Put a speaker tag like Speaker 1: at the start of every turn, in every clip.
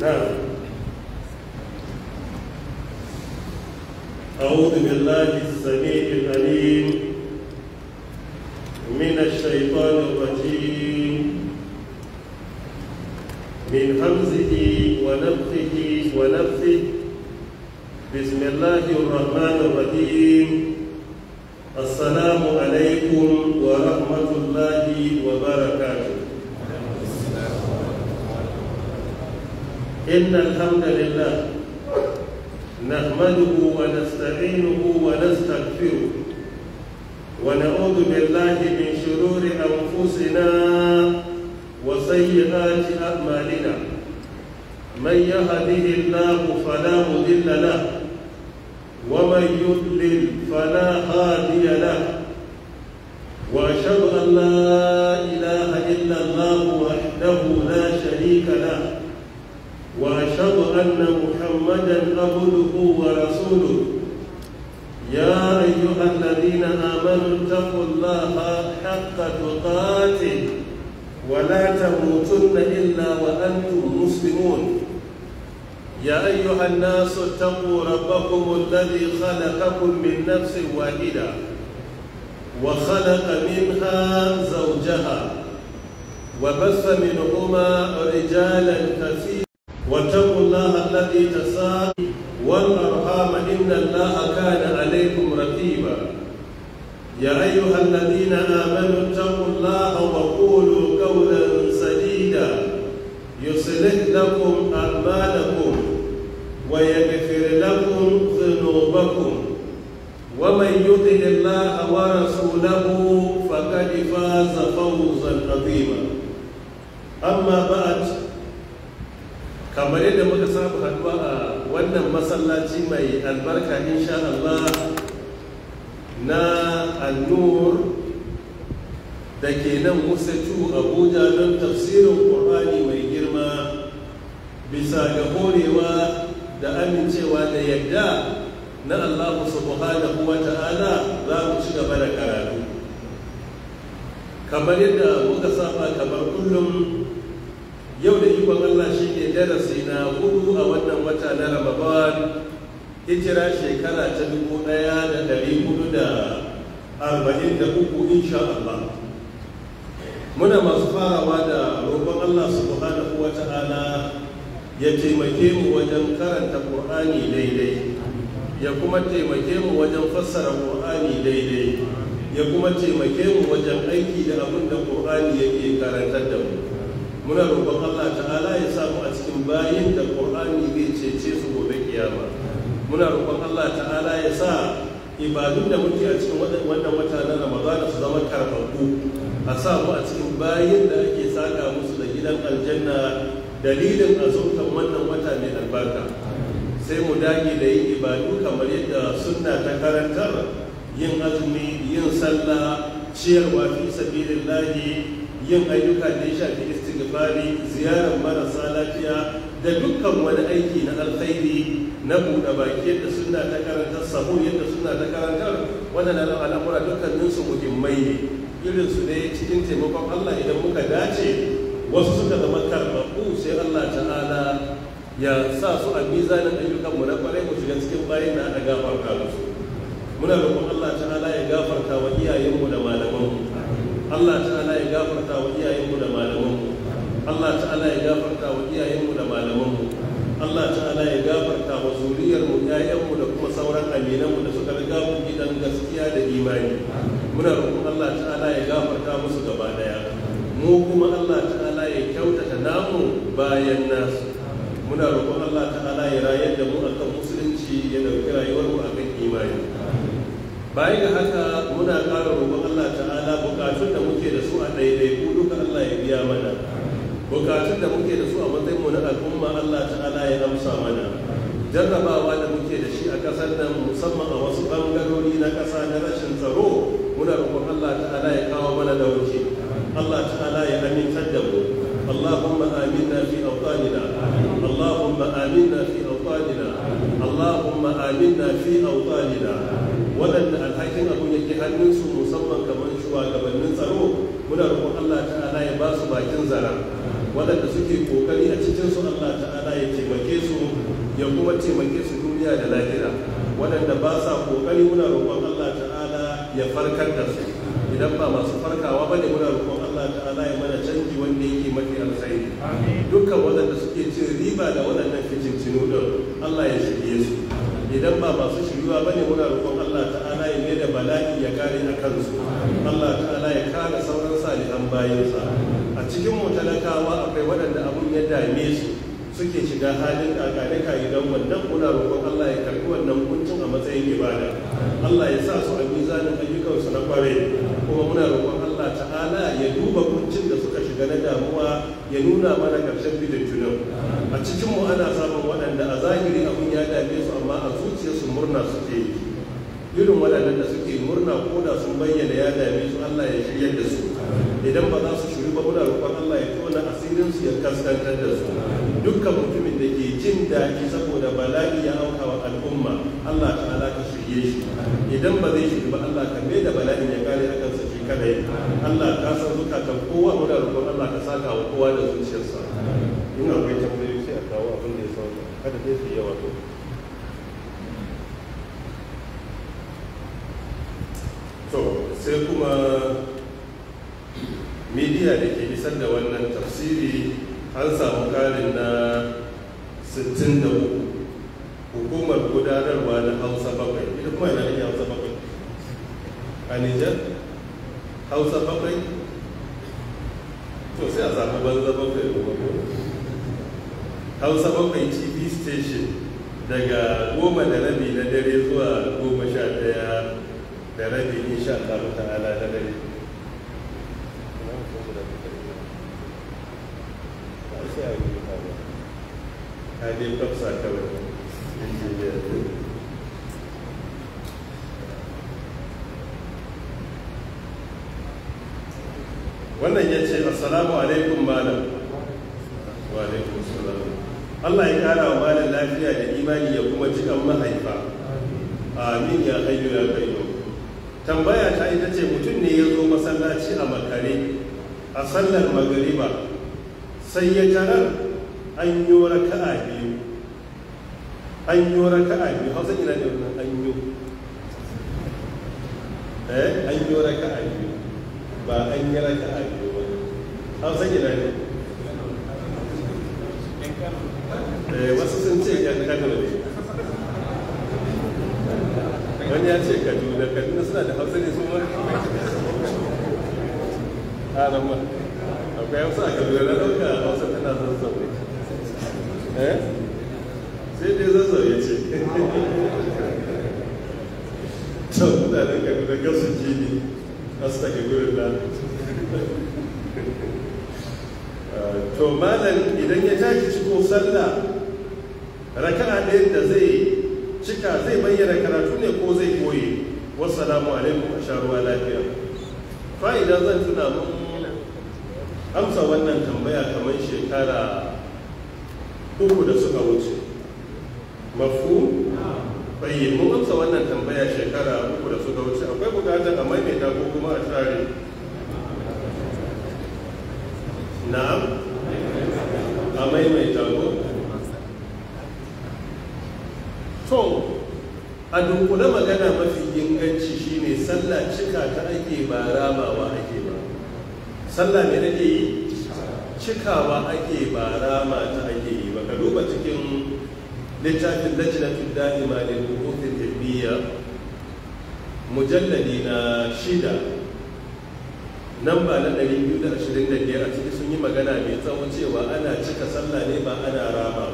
Speaker 1: نعم. أعوذ بالله السميع العليم amma ba'at kamar yadda muka saba haduwa a wannan masallaci mai albarka insha Allah na annur da ke nan musatu abuja don tafsirin ƙur'ani mai girma bisa ga horewa da amincewa da yadda na Allah subhanahu wa ta'ala za mu ci gaba da karatu kamar yadda muka saba kamar kullum yau da ikon Allah shi ne darasi na hudu a wannan wata na Ramadan hijira shekara ta dubu ɗaya da ɗari hudu da arba'in da uku insha Allah muna masu farawa da roƙon Allah subhanahu wa ta'ala ya taimake mu wajen karanta Qur'ani daidai ya kuma taimake mu wajen fassara Qur'ani daidai ya kuma taimake mu wajen aiki da abin da Qur'ani yake karantar da mu muna roƙon Allah ta'ala ya sa mu a cikin bayin da Qur'ani zai cece su gobe kiyama muna roƙon Allah ta'ala ya sa ibadun da muke a cikin wannan wata na Ramadan su zama karfafu a sa mu a cikin bayin da ake saka musu da gidan aljanna dalilin azumtan wannan wata mai albarka sai mu dage da yin ibadu kamar yadda sunna ta karantar yin azumi yin sallah ciyarwa fi sabilillahi yin ayyuka da ya shafi istighfari ziyarar marasa lafiya da dukkan wani aiki na alkhairi na buɗe baki yadda suna ta karantar sahur yadda suna ta karantar waɗannan al'amura dukkan ninsu muhimmai ne irin su ne cikin taimakon Allah idan muka dace wasu suka zama karɓaɓɓu sai Allah ta'ala ya sa su a mizanin ayyukan mu na kwarai mu shiga cikin bayan na a gafarta musu muna roƙon Allah ta'ala ya gafarta wa iyayenmu da malamanmu Allah ta'ala ya gafarta wa iyayenmu Allah ta'ala ya gafarta wa iyayenmu da malamanmu Allah ta'ala ya gafarta wa zuriyarmu iyayenmu da kuma sauran aminanmu da suka riga mu gidan gaskiya da imani muna roƙon Allah ta'ala ya gafarta musu gaba daya mu kuma Allah ta'ala ya kyautata namu bayan nasu muna roƙon Allah ta'ala ya rayar da mu akan musulunci ya dauki rayuwarmu akan imani bayan da haka muna ƙara roƙon Allah ta'ala bukatun da muke da su a ɗaiɗaiku duka Allah ya biya mana bukatun da muke da su a matsayin mu na al'umma Allah ta'ala ya amsa mana jarrabawa da muke da shi a kasar nan musamman a wasu bangarori na kasa na rashin tsaro muna roƙon Allah ta'ala ya kawo mana da wuce. Allah ta'ala ya amintar da mu اللهم آمنا في أوطاننا اللهم آمنا في أوطاننا اللهم آمنا في أوطاننا waɗanda alhakin abun yake hannunsu musamman kamar shugabannin tsaro muna roƙon Allah ta'ala ya ba su bakin zara suke kokari a cikin su Allah ta'ala ya taimake su ya kuma taimake su duniya da lahira waɗanda ba sa kokari muna roƙon Allah ta'ala ya farkar da su idan ba masu farkawa ba ne muna roƙon Allah ta'ala ya mana canji wanda yake mafi alkhairi dukkan waɗanda suke cin riba da waɗannan fitintinu din Allah ya shirye su idan ba masu shiryuwa ba ne muna roƙon Allah ta'ala ya mai da bala'i ya kare a kansu Allah ta'ala ya kare sauran salihan bayansa cikin mu talakawa akwai waɗanda abun ya dame su suke shiga halin kakanika idan wannan muna roƙon Allah ya karɓi wannan kuncin a matsayin ibada Allah ya sa su a mizanin ayyukansu na kware kuma muna roƙon Allah ta'ala ya duba kuncin da suka shiga na damuwa ya nuna mana ƙarshen tunan. a cikin mu ana samun waɗanda a zahiri abun ya dame su amma a zuciyarsu murna suke irin waɗannan da suke murna ko da sun bayyana ya dame su Allah ya shiryar da su idan ba za su kaskantar da su dukkan mutumin da ke jin daɗi saboda bala'i ya auka wa al'umma Allah ala ka shirye shi idan ba zai shiri ba Allah ka mai da bala'i ya kare a kansa shi kadai Allah ka san zukatan kowa muna rukun Allah ka saka wa kowa da zuciyarsa in akwai tambayoyi sai a kawo abin da ya sauka kada dai su yawa to to sai kuma midiya da ke isar da wannan tafsiri an samu karin na 63 hukumar gudanarwa na hausa bakwai ita kuma yana ake hausa bakwai a nijar hausa bakwai to sai a samu banza bakwai kuma hausa bakwai tv station daga goma da wannan ya ce assalamu alaikum malam wa alaikum salam Allah ya kara wa malam lafiya da imani ya kuma kan mahaifa amin ya hayyu ya qayyum tambaya ta ita ce mutum ne ya zo masallaci a makare a sallar magariba sai ya tarar an yi raka'a biyu an yi raka'a biyu hausa ina ne malam idan ya tashi ciko sallah raka'a ɗayan da zai cika zai bayyana karatu ne ko zai koye wassalamu alaikum a sharuwa lafiya fa'ida zan tuna mun amsa wannan tambaya kamar shekara uku da suka wuce mafu bayyana mun amsa wannan tambaya shekara uku da suka wuce akwai bukatar a maimaita ko kuma a tare a dunkule magana mafi inganci shine sallah cika ta ake ba ba ake ba sallah ne nake yi cikawa ake ba rama ta ake yi ba ka duba cikin littafin lajnatul ma lil huquqil tibbiyya mujalladi na shida namba na 225 a cikin sun yi magana mai tsawo cewa ana cika sallah ne ba ana rama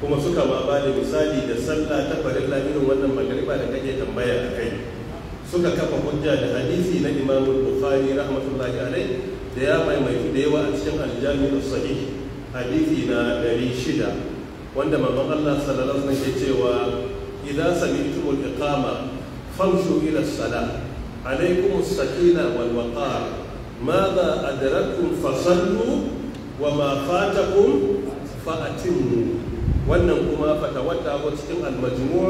Speaker 1: kuma suka ma ba da misali da sallah ta farilla irin wannan magariba da kake tambaya a kai suka kafa hujja da hadisi na imamu bukhari rahmatullahi alai da ya maimaitu da yawa a cikin aljami'u sahih hadisi na dari shida wanda manzon Allah sallallahu alaihi wasallam ke cewa idza sami'tum al-iqama famshu ila as-salah alaykum as-sakina wal waqar madha adraktum fasallu wa ma fatakum wannan kuma wata ko cikin almajmu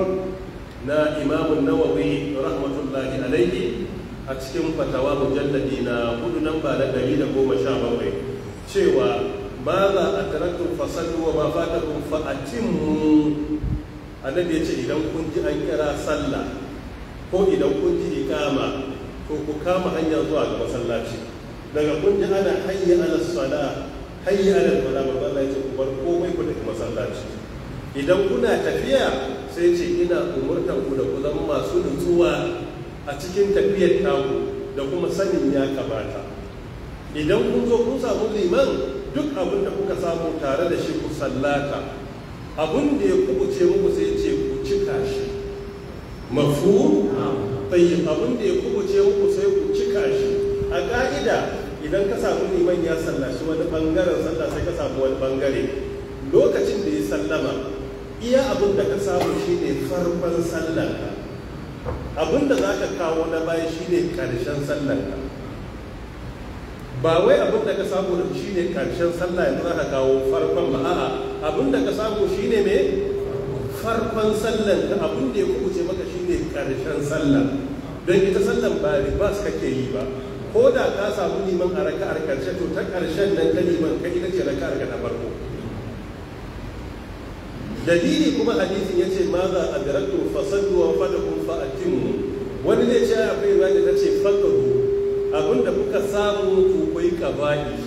Speaker 1: na imamun nawawi rahmatullahi alayhi a cikin fatawa mujalladi na hudu nan da da goma sha cewa ma za a tarakun fasallu wa ma fa atimmu annabi ya ce idan kun ji an kira sallah ko idan kun ji ikama ko ku kama hanya zuwa ga masallaci daga kun ji ana hayya ala sala hayya ala sala ba Allah ya ku bar komai ku tafi masallaci idan kuna tafiya sai ce ina umurtan ku da ku zama masu nutsuwa a cikin tafiyar taku da kuma sanin ya kamata idan kun zo kun samu liman duk abin da kuka samu tare da shi ku sallata abin da ya kubuce muku sai ce ku cika shi mafu tsayin abin da ya kubuce muku sai ku cika shi a ka'ida idan ka samu liman ya sallaci wani bangaren sallah sai ka samu wani bangare lokacin da ya sallama iya abin da ka samu shine farkon sallarka abin da za ka kawo na baya shine karshen sallarka ba wai abin da ka samu shine karshen sallah yanzu za ka kawo farkon ba a'a abin da ka samu shine me farkon sallar ka abin da ya kubuce maka shine karshen sallar don ita sallar ba ba su kake yi ba ko da ka samu neman a raka'ar karshe to ta karshen nan ta neman ka ita ce raka'ar ka na farko dalili kuma ma za maza adratu fasaddu wa fadakum fa wani ne ce fi zai ta ce faqahu abinda kuka samu ku kai ka bani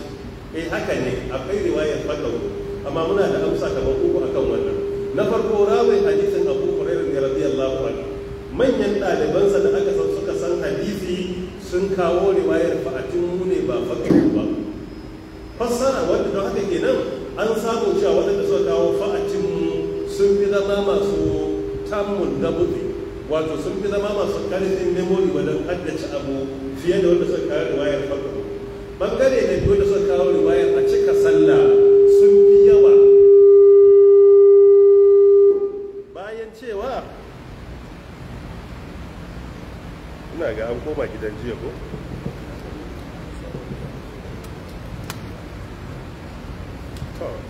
Speaker 1: eh haka ne akwai riwaya faqahu amma muna da amsa kamar uku akan wannan na farko rawai hadisin Abu Hurairah ne radiyallahu anhu manyan ɗalibansa da aka san suka san hadisi sun kawo riwayar fa atimu ne ba faqahu ba fassara wanda don haka kenan an samu cewa wanda suka kawo fa sun fi zama masu tamun da wato sun fi zama masu karfin memori wajen haddace abu fiye da wanda suka kawo riwayar farko bangare ne biyu da suka kawo riwayar a cika sallah sun fi yawa bayan cewa ina ga an koma gidan jiya ko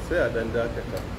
Speaker 1: sai a dan dakata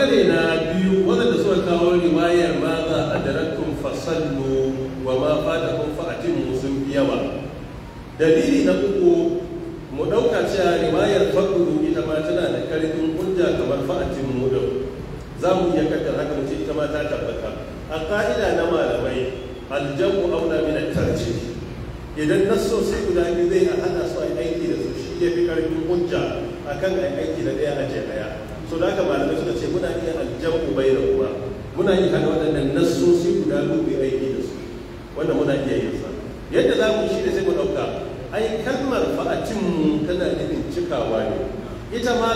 Speaker 1: ɓangare na biyu waɗanda suka kawo riwayar ma za a darakun fasallu wa ma fata kun fa'atin sun fi yawa dalili na uku mu ɗauka cewa riwayar fakuru ita ma tana da karfin hujja kamar fa'atin mu din za mu iya kaddar haka mu ce ita ma ta tabbata a ka'ida na malamai aljamu auna min at idan idan nassosi guda biyu zai a hada su aiki da su shi ya fi karfin hujja akan aiki da ɗaya a ɗaya to da haka malamai suka ce muna iya aljamu ubai da uwa muna iya hada waɗannan nassosi guda biyu aiki da su wanda muna iya yin sa yadda za mu shi da sai ku ɗauka ai kalmar fa'atin tana nufin cikawa ne ita ma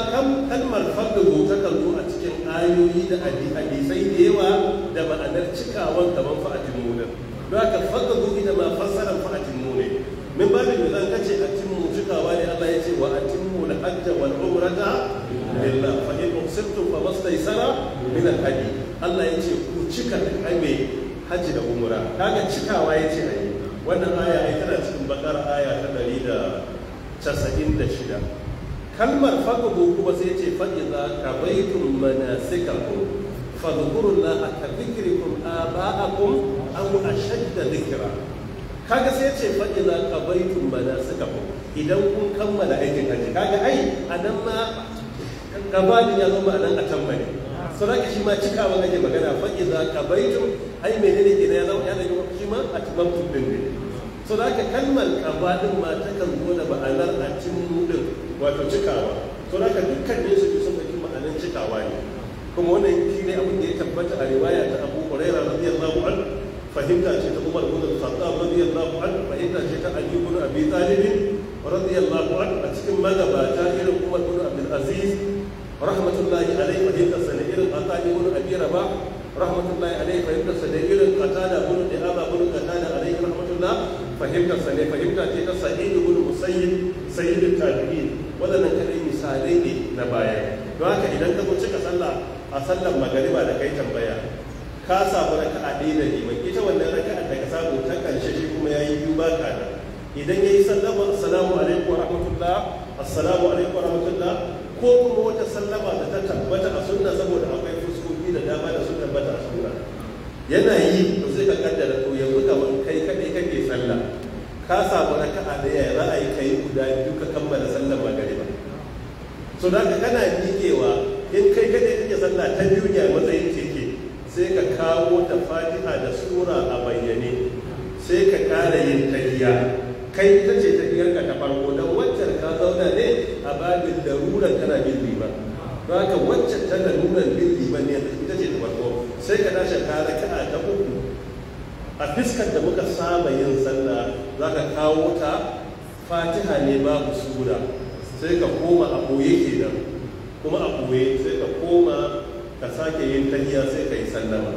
Speaker 1: kalmar fadda ta kan a cikin ayoyi da hadisai da yawa da ma'anar cikawan kamar fa'atin ne don haka fadlu ita ma fassarar fa'atin ne min babin da zan kace cikin mu cikawa ne Allah ya ce wa atin mu al-hajja wal umrata lillah sirtum fa mastaysara min al Allah ya ce ku cika mai haji da umra kaga cikawa ya ce ayi wannan aya ai tana cikin bakar aya ta shida kalmar faqbu kuma sai ya ce fa idza qadaytum manasikakum fadhkuru Allah ka an aba'akum a shadda dhikra kaga sai ce fa idza qadaytum manasikakum idan kun kammala aikin haji kaga ai nan ma kabali ya zo nan a tamma ne sadaka shi ma cikawa ake magana fa iza kabaitu ai ke kenan ya zama ya da shi ma a cikin din ne sadaka kalmar qabalin ma ta kan zo da ma'anar a cikin din wato cikawa sadaka dukkan ne su sun dauki ma'anan cikawa ne kuma wannan shi ne abin da ya tabbata a riwaya ta Abu Hurairah radiyallahu anhu fahimta ce ta Umar ibn Khattab radiyallahu anhu fahimta ce ta Ali ibn Abi Talib radiyallahu anhu a cikin ta irin Umar ibn Abdul Aziz rahmatullahi alai fahimtar sa da irin asali wani abira ba rahmatullahi alai fahimtar sa da irin da wani da aba wani qatada alaihi rahmatullah fahimtar sa ne fahimta ce ta sa'id ibn musayyib sayyid tabi'in wadannan kadai misalai ne na baya don haka idan ka zo cika sallah a sallar magariba da kai tambaya ka samu raka'a ɗaya da liman ita wannan raka da ka samu ta karshe shi kuma yayi biyu ba ka da idan yayi sallama assalamu alaikum wa rahmatullah assalamu alaikum wa rahmatullah ko kuma wata sallama da ta tabbata a sunna saboda akwai fuskoki da dama da sunna tabbata a sunna yana yi to sai ka kaddara to yanzu kamar kai kadai kake sallah ka samu raka'a da yayi ra'ayi kai guda biyu ka kammala gare gari so dan ka kana jikewa in kai kadai kake sallah ta biyu ne a matsayin keke sai ka kawo ta fatiha da sura a bayyane sai ka kara yin tahiya kai ita ce ka ta farko larurar kana bin riba. don haka wancan ta larurar bin riba ne ita ce ta farko sai ka tashi ka raka'a ta uku a fiskar da muka saba yin sallah za ka kawo ta fatiha ne babu sura sai ka koma a ɓoye nan, kuma a ɓoye sai ka koma ka sake yin tahiya sai ka yi sallama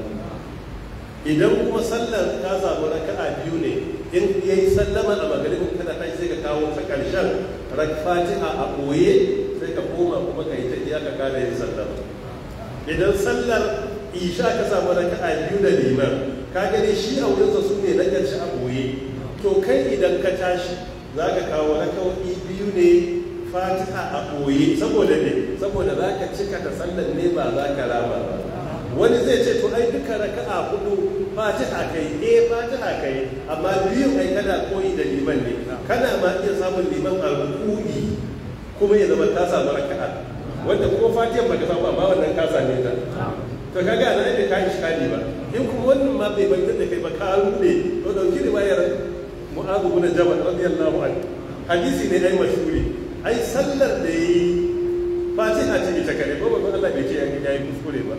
Speaker 1: idan kuma sallar ka samu raka'a biyu ne in yayi sallama a magarin kana tashi sai ka kawo ta ƙarshen fatiha a ɓoye sai ka koma kuma ka yi ta iya ka kare yin sallar idan sallar isha ka samu raka'a biyu da liman ka gani shi a wurinsa su ne na ƙarshe a ɓoye to kai idan ka tashi za ka kawo raka'o'i biyu ne fatiha a ɓoye saboda ne saboda za ka cika ta sallar ne ba za ka rama ba wani zai ce to ai duka raka'a hudu fatiha kai eh fatiha kai amma biyu ai kana koyi da liman ne kana ma iya samun liman a ruku'i kuma ya zama ka samu raka'a wanda ko fatiha ba ka samu amma wannan ka same ta to kaga nan da ka iskali ba in kuma wannan ma bai bayyana da kai ba ka rude to dauki riwayar mu'adh bin jabal radiyallahu anhu hadisi ne dai mashhuri ai sallar da yi fatiha ce ita kare ba ba Allah bai ce ya yi kuskure ba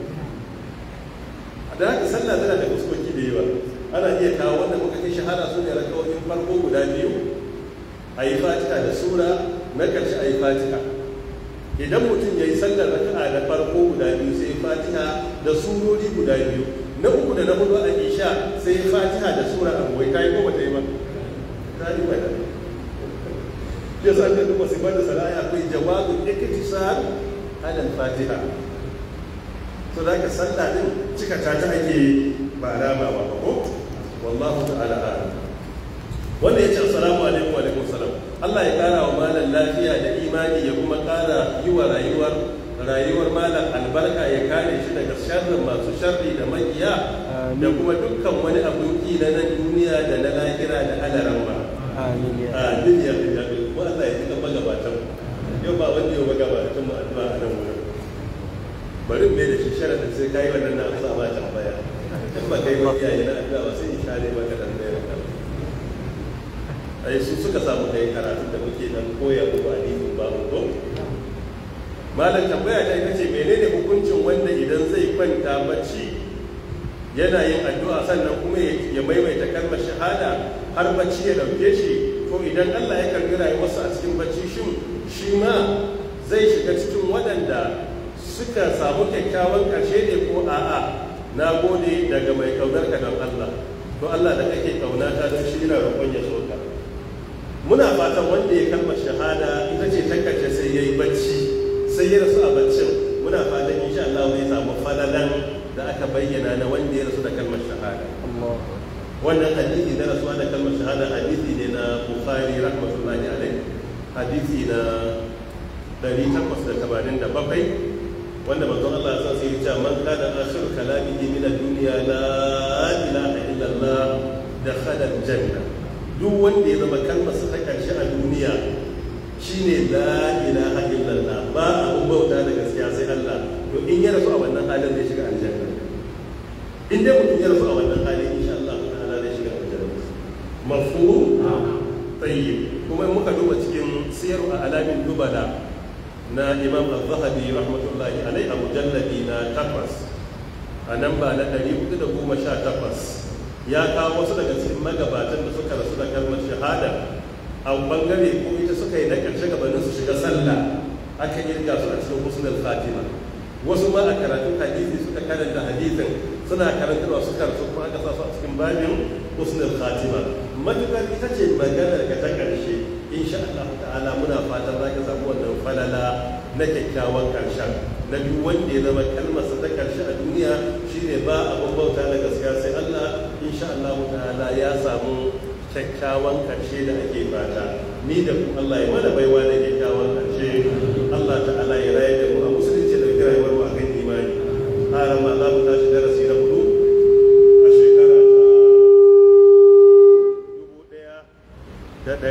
Speaker 1: da haka sallah tana da fuskoki da yawa ana iya kawo wanda muka kai shahara su ne rakawoyin farko guda biyu a yi fatika da sura na ƙarshe a yi fatika. idan mutum ya yi sallar raka'a da farko guda biyu sai fatiha da surori guda biyu na uku da na hudu a isha sai fatiha da sura a goyi ta yi ko bata yi ba ta yi wata ya sa ka duba sifar da sana'a akwai jawabin ikitisar halin fatiha to da ka sallah din cika ta ta ake ba alama ba ko wallahu ta'ala a'lam wanda ya yace assalamu alaikum wa alaikum salam Allah ya kara wa malam lafiya da imani ya kuma kara yi wa rayuwar rayuwar malam albarka ya kare shi daga sharrin masu sharri da makiya da kuma dukkan wani abin ki na duniya da na lahira da alaran ba amin ya rabbi ko Allah ya tuka magabatan yau ba wanda ya magabatan mu addu'a a nan wurin bari me da shi sharadin sai kai wannan na amsa ba tambaya in ba kai ba iyaye na addu'a ba sai in sha share maka tambayar ka ai su suka samu kai karatu da muke nan koya ni hadisin babu ko malam tambaya ta ita ce menene hukuncin wanda idan zai kwanta mace. yana yin addu'a sannan kuma ya maimaita kalmar shahada har bacci ya dauke shi ko idan Allah ya karbi rayuwarsa a cikin bacci shin shi ma zai shiga cikin waɗanda suka samu kyakkyawan ƙarshe ne ko a'a na gode daga mai kaunar ka don Allah to Allah da kake kauna ta don shi ina roƙon ya soka muna fatan wanda ya kalma shahada ita ce ta kace sai yayi bacci sai ya rasu a baccin muna fatan insha Allah zai samu falalan da aka bayyana na wanda ya rasu da kalmar shahada wannan hadisi na rasuwa da kalmar shahada hadisi ne na Bukhari rahmatullahi alaihi hadisi na 887 wanda manzon Allah ya sai ya ce man kana akhir kalamihi min ad-dunya la ilaha illallah dakhala al-janna duk wanda ya zama kalmar sa ta karshe a duniya shine la ilaha illallah ba abun bauta da gaskiya sai Allah to in ya rasu a wannan halin zai shiga aljanna in dai mutum ya rasu a wannan halin insha Allah ta'ala zai shiga aljanna mafhum tayyib kuma in muka duba cikin siyar a alamin dubala na imam al-zahabi rahmatullahi alai a mujalladi na takwas a nan ba na takwas. ya kawo wasu daga cikin magabatan da suka rasu da kalmar shahada a bangare ko ita suka yi na ƙarshe gabanin su shiga sallah aka kirga su a cikin husnul khatima wasu ma a karatun hadisi suka karanta hadisin suna karantarwa suka rasu kuma aka sa su a cikin babin husnul khatima matukar ita ce maganar ka ta ƙarshe insha Allah ta'ala muna fatan za ka samu wannan falala na kyakkyawan karshen na biyu wanda ya zama kalmarsa ta karshe a duniya shine ba a bambauta da gaskiya sai Allah insha Allah ta'ala ya samu kyakkyawan karshe da ake fata ni da ku Allah ya mana baiwa da kyakkyawan karshe Allah ta'ala ya raye da mu a musulunci da rayuwar mu kan imani haram Allah mu tashi darasi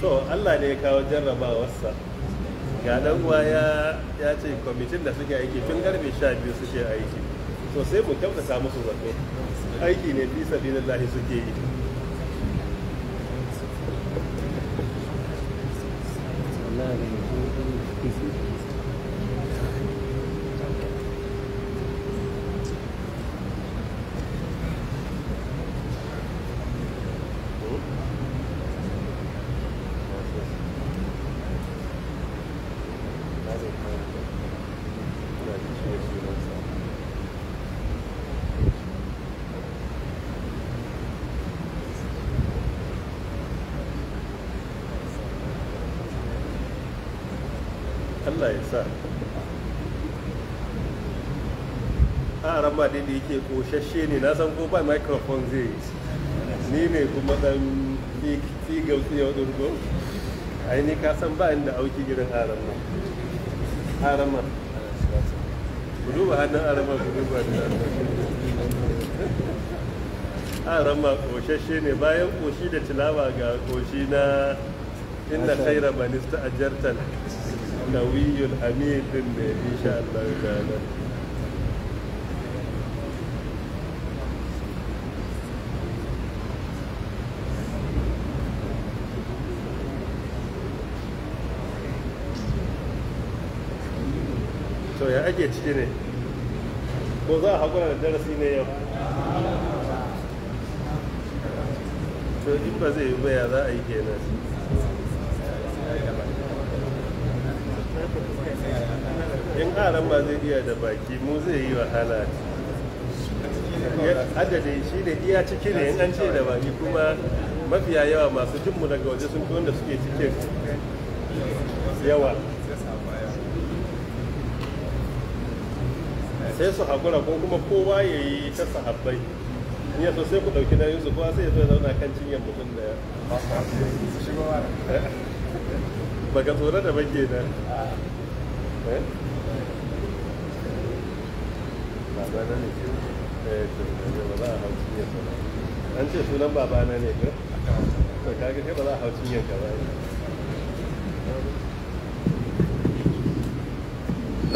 Speaker 1: to Allah ne ya kawo jarrabawarsa
Speaker 2: ga dan uwa ya
Speaker 1: ya ce kwamitin da suke aiki tun sha biyu suke aiki to sai mu kyautata musu zato aiki ne fi sabilillahi suke yi ke koshashe ne na san ko ba microphone zai ni ne kuma dan figar tsiyar durgo ai ni ka san ba inda auki gidan harama harama gudu ba hannun harama gudu ba da harama koshashe ne bayan koshi da tilawa ga koshi na inna khaira manista ajartan nawiyul amin din ne insha Allah ta'ala ake ciki ne ko za a haƙura da darasi ne yau to in ba zai yi baya za a yi kenan in aran ba zai iya da baki mu zai yi wahala adadi shi ne iya ciki ne in an ce da baki kuma mafiya yawa masu jinmu daga waje sun fi wanda suke cikin yawa sai su haƙura ko kuma kowa ya yi ta sahabbai in so sai ku ɗauki na yusuf kowa sai ya zo zauna kan cinyar mutum da ya baka tsoro da bake da eh? babana ne eh, eh, ba za a hau cinyar ba an ce sunan babana ne ka to ba za a hau cinyar ka ba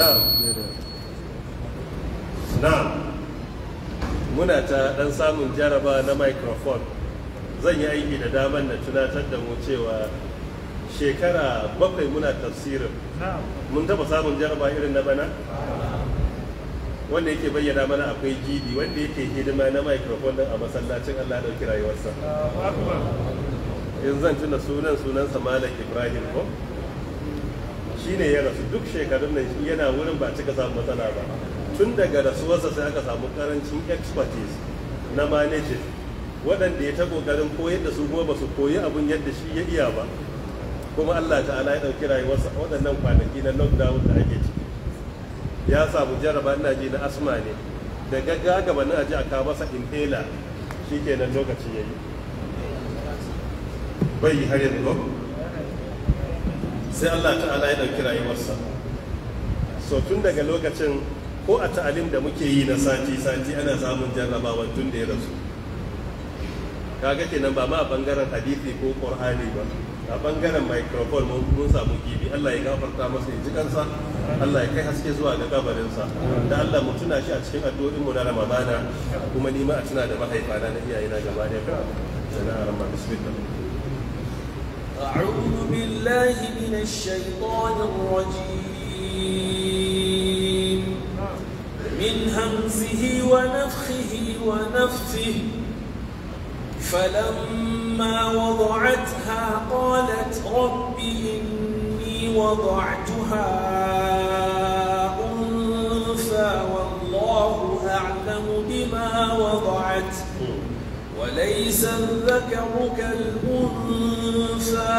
Speaker 1: na'am na muna ta dan samun jaraba na microphone zan yi aiki da damar na tunatar da mu cewa shekara bakwai muna tafsirin mun taba samun jaraba irin na bana wanda yake bayyana mana akwai gidi wanda yake hidima na microphone din a masallacin Allah dauki rayuwarsa in zan tuna sunan Sunan malam ibrahim ko ne ya rasu duk shekarun nan yana wurin ba cika samun matsala ba tun daga rasuwarsa sai aka samu karancin expertise na managing waɗanda ya ta ƙoƙarin koyar da su kuma ba su koyi abin yadda shi ya iya ba kuma Allah ta'ala ya ɗauki rayuwarsa waɗannan kwanaki na lockdown da ake ciki ya samu jaraba ina ji na asma ne da gaggawa na aji a kawo masa inhaler shi kenan lokaci ya yi bai yi har yanzu sai Allah ta'ala ya ɗauki rayuwarsa so tun daga lokacin ko a ta'alim da muke yi na sati-sati ana samun jarrabawa tun da ya rasu kaga kenan ba ma a bangaren hadisi ko qur'ani ba a bangaren microphone mun samu gibi Allah ya gafarta masa ya ji kansa Allah ya kai haske zuwa ga kabarinsa da Allah mu tuna shi a cikin addu'o'in mu na Ramadana kuma ni ma a tuna da mahaifana na iyayena gaba da kan sana ramma bismillah
Speaker 3: من همزه ونفخه ونفثه فلما وضعتها قالت رب إني وضعتها أنثى والله أعلم بما وضعت وليس الذكر كالأنثى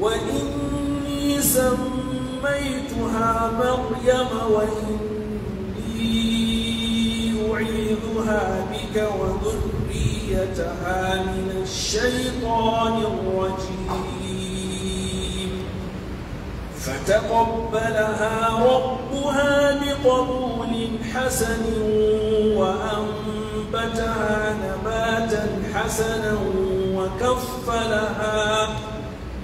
Speaker 3: وإني سميتها مريم وإني أعيذها بك وذريتها من الشيطان الرجيم فتقبلها ربها بقبول حسن وأنبتها نباتا حسنا وكفلها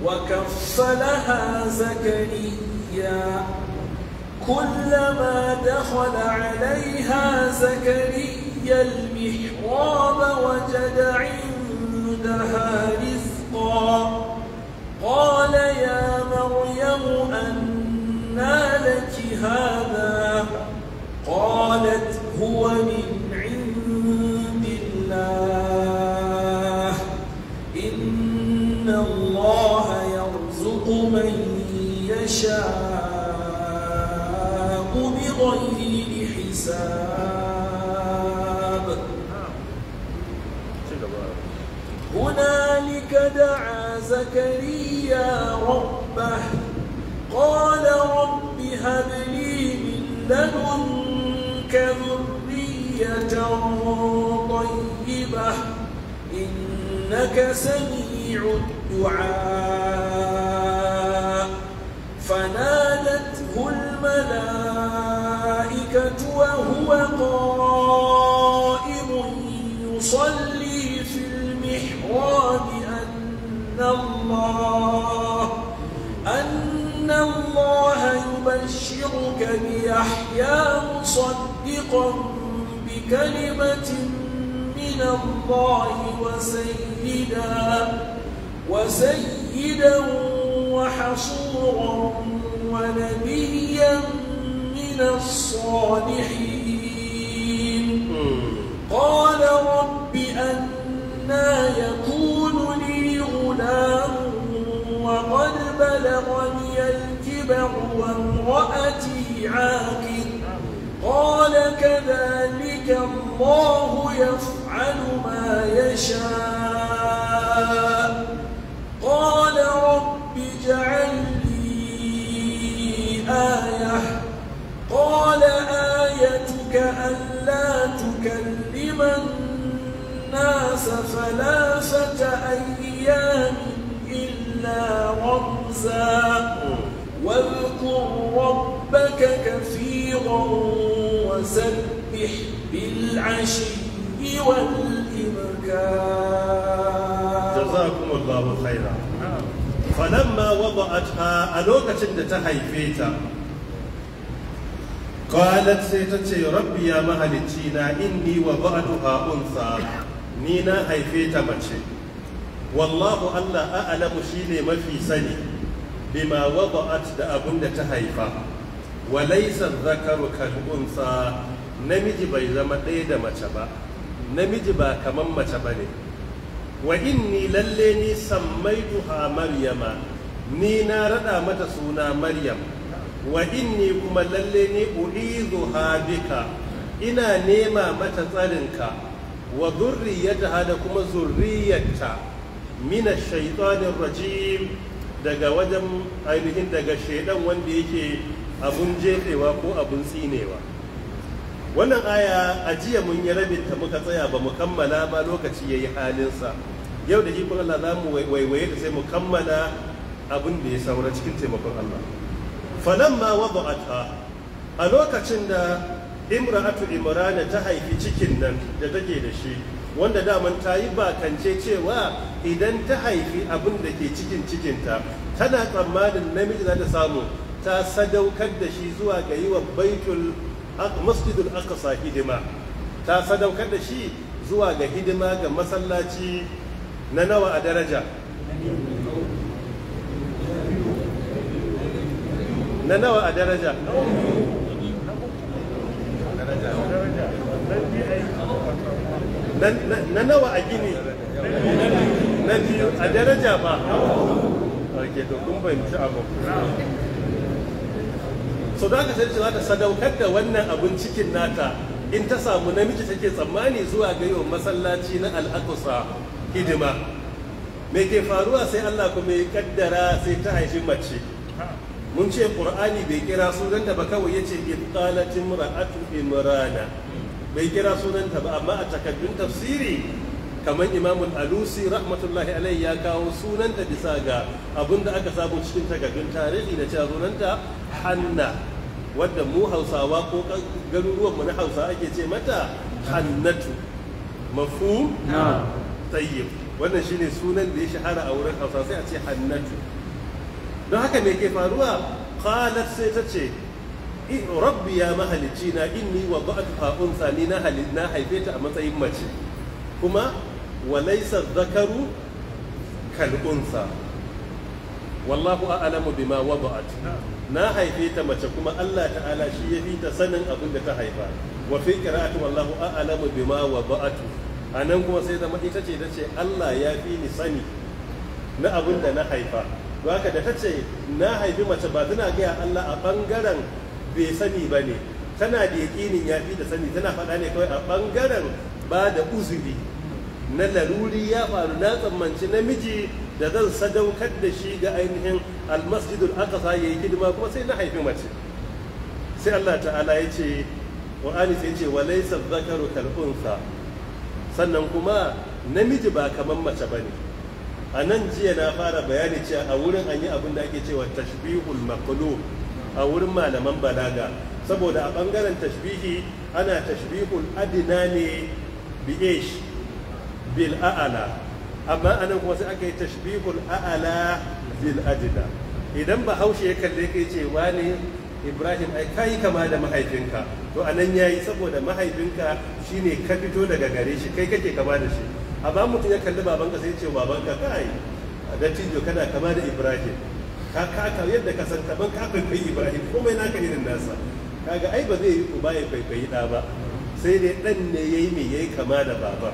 Speaker 3: وكفلها زكريا كلما دخل عليها زكريا المحراب وجد عندها رزقا قال يا مريم أنى لك هذا قالت هو من عند الله إن الله يرزق من يشاء غير حساب هنالك دعا زكريا ربه قال رب هب لي من لدنك ذرية طيبة إنك سميع الدعاء مصدقا بكلمة من الله وسيدا وسيدا وحصورا ونبيا من الصالحين قال رب أنا يكون لي غلام وقد بلغني الكبر وامرأتي عاقل قال كذلك الله يفعل ما يشاء قال رب اجعل لي آية قال آيتك ألا تكلم الناس ثلاثة أيام إلا رمزا واذكر ربك كثيرا وسبح
Speaker 1: بالعشي والإبكار جزاكم الله خيرا فلما وضعتها ألوكة تهيفيتا قالت سيتتي ربي يا مهلتينا إني وضعتها أنثى نينا هيفيتا متشي والله الله أعلم شيني ما في سني بما وضعت دا أبن تهيفا walaisa zakaru kal'unsa namiji bai zama ɗaya da mace ba namiji ba kamar mace ba ne wa inni lalle ni sammaituha maryama ni na raɗa mata suna maryam wa inni kuma lalle ni zuha bika ina nema mata tsarinka wa zurriyataha da kuma zurriyarta mina shaitanin rajim daga wajen ainihin daga shaidan wanda yake abun jefewa ko abun tsinewa wannan aya a jiya mun yi rabinta muka tsaya ba mu kammala ba lokaci ya yi halinsa yau da jikin Allah za mu waiwaye da sai mu kammala abin da ya saura cikin taimakon Allah falamma wada'ata a lokacin da imra'atu imrana ta haifi cikin nan da take da shi wanda daman ta yi bakance cewa idan ta haifi abin da ke cikin cikinta tana tsammanin namiji za ta samu ta sadaukar da shi zuwa ga yi wa baitul masjidul aqsa hidima ta sadaukar da shi zuwa ga hidima ga masallaci na nawa a daraja na nawa a daraja na nawa a gini na biyu a daraja ba ke to kun abu so da aka sai za ta sadaukar da wannan abin cikin nata in ta samu namiji take tsammani zuwa ga yau masallaci na al'akusa hidima me ke faruwa sai Allah kuma ya kaddara sai ta haifi mace mun ce qur'ani bai kira ta ba kawai yace ibqalatin imra'atu imrana bai kira sunanta ba amma a takaddun tafsiri kamar imamul alusi rahmatullahi alai ya kawo sunanta bisa ga abin da aka samu cikin takardun tarihi da cewa sunanta hanna wadda mu hausawa ko garuruwan mu na hausa ake ce mata hannatu mafu tayyib wannan shine sunan da ya shahara a wurin hausa sai a ce hannatu don haka me ke faruwa qalat sai ta ce rabbi ya mahalicci na inni wa ba'atuha unsa ni na haife ta a matsayin mace kuma Walaisar Zakaru, dhakaru kal na haife ta mace kuma Allah ta'ala shi ya fi sanin abin da ta haifa wa fi qira'atu wallahu a'lamu bima wada'atu anan kuma sai zama ita ce tace Allah ya fi sani na abin da na haifa don da ta ce na haifi mace ba tana gaya Allah a bangaren bai sani ba ne tana da yaƙinin ya fi da sani tana faɗa ne kawai a bangaren ba da uzuri na laruri ya faru na tsammanci namiji da zan sadaukar da shi ga ainihin almasjidul aqsa yayi hidima kuma sai na haifi mace sai Allah ta'ala ya ce Qur'ani sai ce wa laysa dhakaru kal unsa sannan kuma namiji ba kaman mace bane a nan jiya na fara bayani cewa a wurin an yi abin da ake cewa tashbihul maqlub a wurin malaman balaga saboda a bangaren tashbihi ana tashbihul adina ne bil a'ala amma anan kuma sai aka yi tashbihul a'ala bil adna idan bahaushe ya kalle kai ce wani ibrahim ai kai kama da mahaifinka to anan yayi saboda mahaifinka shine ka fito daga gare shi kai kake kama da shi amma mutum ya kalli babanka sai ce babanka kai dattijo kana kama da ibrahim ka ka yadda ka san kaman ka kai ibrahim komai naka irin nasa kaga ai ba zai yi uba ya bai ɗa ba sai dai ɗan ne ya yi mai ya yi kama da baba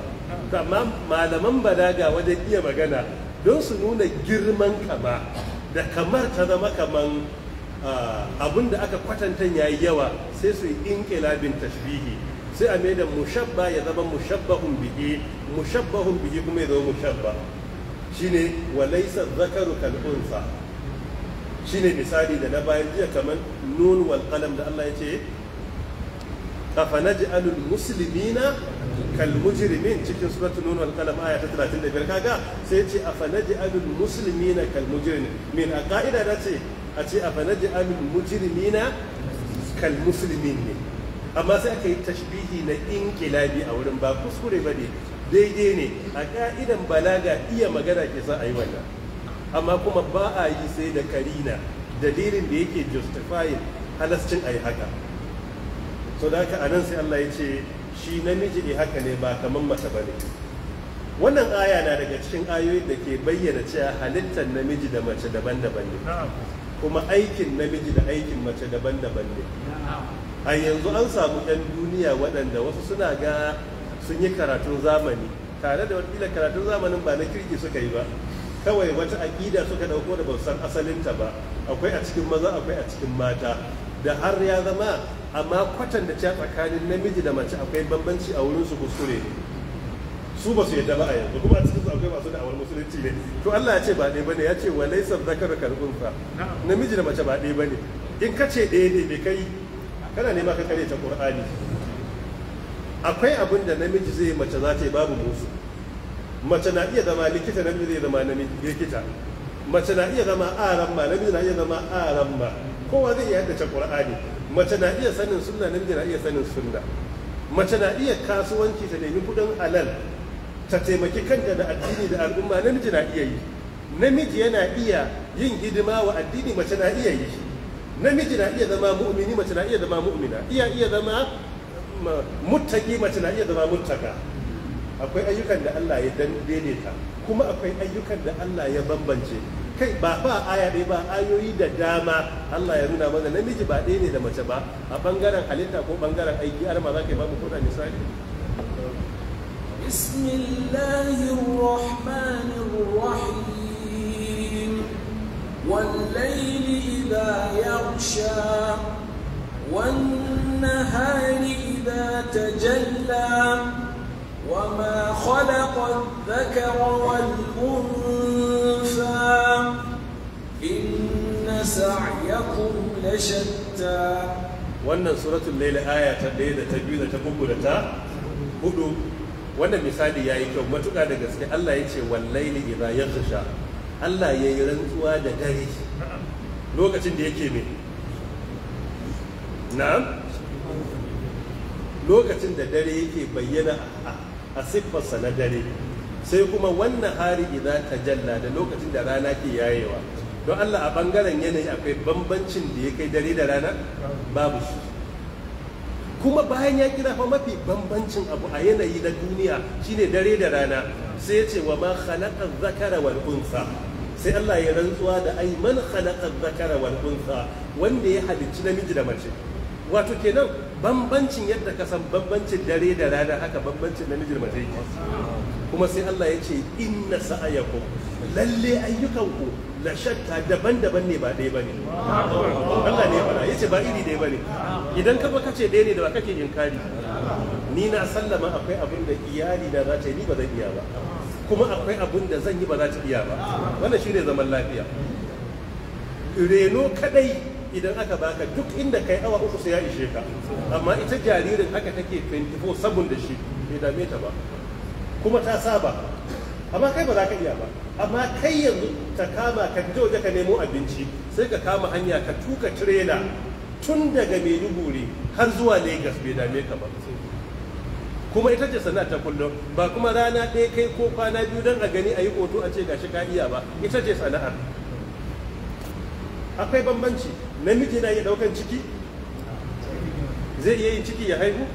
Speaker 1: amma malaman balaga wajen iya magana don su nuna girman kama da kamar ta zama kaman abin da aka kwatanta ya yi yawa sai su yi bin tashbihi sai a mai da mushabba ya zama mushabbahun bihi mushabbahun bihi kuma ya zama mushabba shine walaisa zakaru kal unsa shine misali da na bayan jiya kamar nun wal qalam da Allah ya ce afanaj'alul muslimina kal mujrimin cikin suratul nun wal qalam aya ta 35 kaga sai ce afanaj'alul muslimina kal mujrimin min a ka'ida da ce a ce afanaj'alul mujrimina kal muslimin ne amma sai aka yi tashbihi na inkilabi a wurin ba kuskure ba ne daidai ne a ka'idan balaga iya magana ke sa a yi wannan amma kuma ba a yi sai da karina dalilin da yake justifying halascin a yi haka so da haka anan sai Allah ya ce shi namiji ne eh haka ne ba kamar mace bane wannan aya na daga cikin ayoyin da ke bayyana cewa halittar namiji da mace daban-daban ne kuma aikin namiji da aikin mace daban-daban ne a yanzu an samu 'yan duniya waɗanda wasu suna ga sun yi karatun zamani tare da watakila karatun zamanin ba na kirki suka yi ba kawai wata aƙida suka ɗauko da ba san asalinta ba akwai a cikin maza akwai a cikin mata da har ya zama amma kwatan da ta tsakanin namiji da mace akwai bambanci a wurin su kuskure ne su ba su yadda ba a yanzu kuma a cikin su akwai masu da'awar musulunci ne to Allah ya ce ba ɗaya bane ya ce wa laisa zakaru kal unfa namiji da mace ba ɗaya bane in ka ce ɗaya ne bai kai kana nema ka kare ta Qur'ani akwai abin da namiji zai mace za ta yi babu musu mace na iya zama likita namiji zai zama likita mace na iya zama aran ma namiji na iya zama aran ma kowa zai iya haddace qur'ani mace na iya sanin sunna namiji na iya sanin sunna mace na iya kasuwanci ta nemi kudin alal ta taimaki kanta da addini da al'umma namiji na iya yi namiji yana iya yin hidima wa addini mace na iya yi namiji na iya zama mu'mini mace na iya zama mu'mina iya iya zama muttaki mace na iya zama muttaka akwai ayyukan da Allah ya daidaita kuma akwai ayyukan da Allah ya bambance kai ba ba aya ɗaya ba ayoyi da dama Allah ya nuna mana namiji ba ɗaya ne da mace ba a ɓangaren halitta ko ɓangaren aiki har ma za ka yi babu koda misali
Speaker 3: bismillahir da rahim wal layli idha yaghsha wan nahari idha وما خلق الذكر والأنثى سعيكم
Speaker 1: لشتى wannan suratul laila aya ta ɗaya da ta biyu da ta uku da ta hudu wannan misali ya yi kyau matuka da gaske Allah ya ce wallaili idza yaghsha Allah ya yi rantsuwa da dare lokacin da yake me na'am lokacin da dare yake bayyana a siffarsa na dare sai kuma wannan hari idza tajalla da lokacin da rana ke yayewa don Allah a bangaren yanayi akwai bambancin da ya kai dare da rana babu shi kuma bayan ya kira fa mafi bambancin abu a yanayi na duniya shine dare da rana sai ya ce wa ma khalaqa zakara wal unsa sai Allah ya rantsuwa da ai man khalaqa zakara wal unsa wanda ya halicci namiji da mace wato kenan bambancin yadda ka san bambancin dare da rana haka bambancin namiji da mace kuma sai Allah ya ce inna sa'ayakum lalle ayyukanku da shakka daban-daban ne ba ɗaya ba ne Allah ne ya ce ba iri ɗaya ba ne idan ka kace ce ɗaya ne da ba kake inkari ni na sallama akwai abin da iyali da za ta yi ni ba zan iya ba kuma akwai abin da zan yi ba za ta iya ba wannan shi ne zaman lafiya reno kadai idan aka baka duk inda kai awa uku sai ya ishe ka amma ita jaririn haka take 24 sabon da shi bai dame ta ba kuma ta saba amma kai ba za ka iya ba amma kai yanzu ta kama ka fito waje ka nemo abinci sai ka kama hanya ka tuka tirela tun daga maiduguri har zuwa lagos bai dame ka ba kuma ita ce sana'a ta kullum ba kuma rana ɗaya kai ko kwana biyu don a gani a yi hoto a ce gashi ka iya ba ita ce sana'ar akwai bambanci namiji na iya ɗaukan ciki zai iya yin ciki ya haihu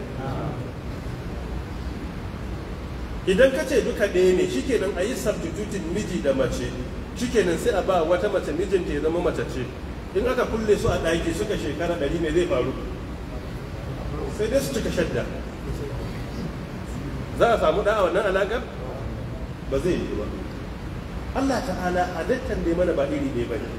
Speaker 1: idan ka ce duka ɗaya ne shikenan a yi substituting miji da mace shikenan sai a ba wata mace mijinta ya zama mace ce in aka kulle su a ɗaki suka shekara ɗari ne zai faru sai dai su cika shadda za a samu ɗa a wannan alaƙar ba zai yi ba Allah ta'ala halittar ne mana ba iri ne ba ne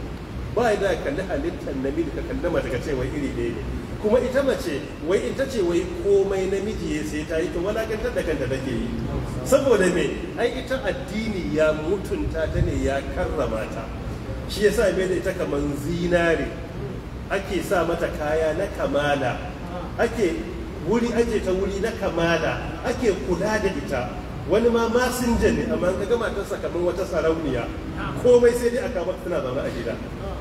Speaker 1: ba ya da kalli halittar namiji ka kalli mace ka ce wai iri ne ne kuma ita mace wai in ta ce wai komai namiji ya sai ta yi to walakantar da kanta take yi saboda me ai ita addini ya mutunta ta ne ya karrama ta shi sa, mai da ita kamar zinare ake sa mata kaya na kamala ake wuri ake ta wuri na kamala ake kula da ita wani ma masinja ne amma ka gama ta kamar wata sarauniya komai sai dai aka ba tana zama a gida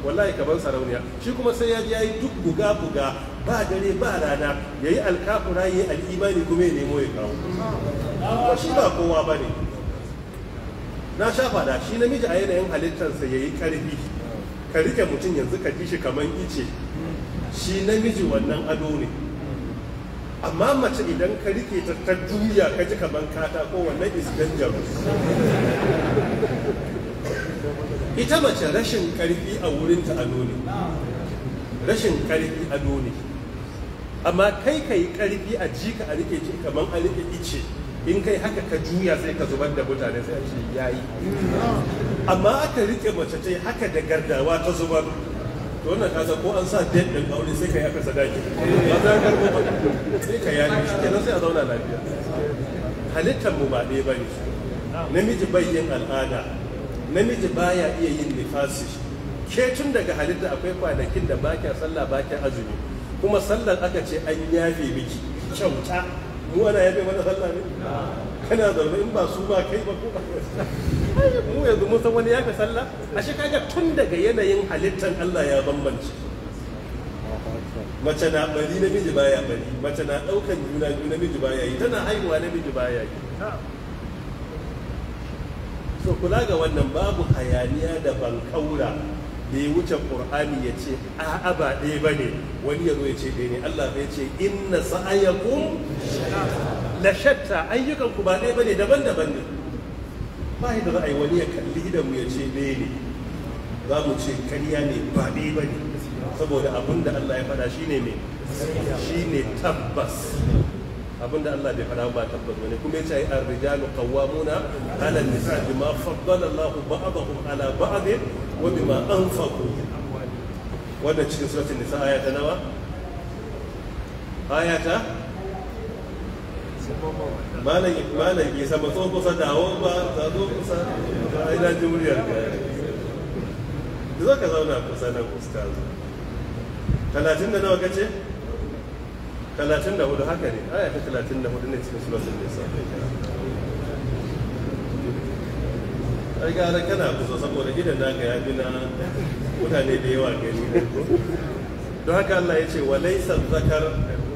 Speaker 1: wallahi kamar sarauniya shi kuma sai ya yi duk buga buga ba dare ba rana yayi alkafura yayi al'imani kuma ya nemo ya kawo ba shi ba kowa ba ne na sha fada shi namiji a yanayin halittarsa ya yi ƙarfi ka rike mutum yanzu ka ji shi kamar ice shi namiji wannan ado ne amma mace idan ka rike ta ta juya ka ji kamar katako wannan is dangerous ita mace rashin karfi a wurinta ado ne rashin karfi ado ne amma kai ka yi karfi a jika a rike kamar a rike ice in kai haka ka juya sai ka zubar da mutane sai a yayi amma aka rike mace ce haka da gardawa ta zubar to wannan ka ko an sa dead din aure sai ka yi aka sadaki ba za ka ba sai ka yayi shi kenan sai a zauna lafiya halittar mu ba ɗaya bane namiji bai yin al'ada namiji baya iya yin nifasi ke tun daga halitta akwai kwanakin da ba sallah baki azumi kuma sallar aka ce an yafe miki kyauta mu ana yabe mana sallah ne kana zaune in ba su ba kai ba ko ba mu yanzu mun san wani ya ka sallah shi kaga tun daga yanayin halittar Allah ya bambance mace na bari namiji baya bari mace na daukan juna biyu namiji baya yi tana haihuwa namiji baya yi so kula ga wannan babu hayaniya da bankaura ya wuce qur'ani ya ce a aba ɗaya ba ne wani ya ya ce ɗaya ne Allah bai ce inna sa'ayakum la shatta ayyukan ku ba ɗaya ba ne daban-daban ne ba yadda za a yi wani ya kalli da mu ya ce ɗaya ne za mu ce kariya ne ba ɗaya ba ne saboda abin da Allah ya faɗa shine ne shine tabbas abinda Allah bai faɗa ba tabbas bane kuma yace ai ar-rijalu qawwamuna 'ala an-nisa bima faddala Allahu ba'dahum 'ala ba'd wa bima anfaqu wannan cikin suratul nisa aya ta nawa aya ta malam malam ke sama tso kusa dawo ba ta zo kusa ai na ji muryar ka zo ka zauna kusa nan ustaz 30 da nawa kace talatin da hudu haka ne aya ta talatin da hudu ne cikin suratul nisa ai gara kana kusa saboda gidan naka ya bi na mutane da yawa gani don haka Allah ya ce wa laysa zakar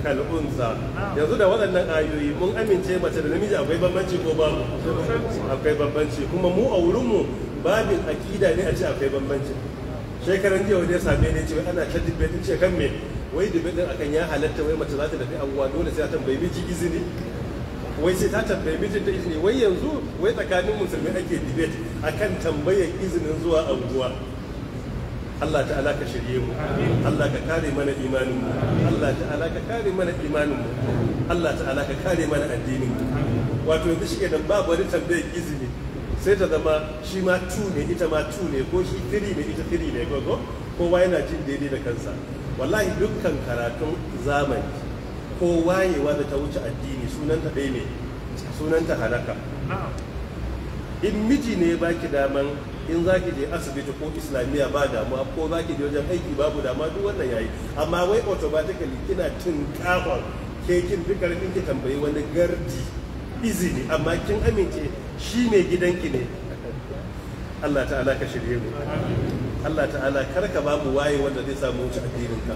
Speaker 1: kal unsa yanzu da waɗannan ayoyi mun amince mace da namiji akwai bambanci ko babu akwai bambanci kuma mu a wurin mu babin akida ne a ce akwai bambanci shekaran jiya wani ya same ne ce ana ta dibbe ce kan me wai da bidin akan ya halatta wai mace za ta tafi abuwa dole sai ta tambayi miji izini wai sai ta tambayi miji ta izini wai yanzu wai tsakanin musulmi ake debate akan tambayar izinin zuwa abuwa Allah ta'ala ka shirye mu Allah ka kare mana imanin mu Allah ta'ala ka kare mana imanin mu Allah ta'ala ka kare mana addinin mu wato yanzu shi kenan babu wani tambayar izini sai ta zama shi ma tu ne ita ma tu ne ko shi tiri ne ita tiri ne gogo kowa yana jin daidai da kansa wallahi dukkan karatun zamani ko wayewa da ta wuce addini sunanta ɗaya ne sunanta halaka in miji ne ba ki daman in za ki je asibiti ko islamiyya ba damuwa ko za ki je wajen aiki babu dama duk wannan yayi amma wai automatically kina cin kafan ke kin karfin ki tambayi wani gardi izini amma kin amince shi mai gidanki ne Allah ta'ala ka shirye mu Allah ta'ala kar ka babu waye wanda zai samu wuce addinin ka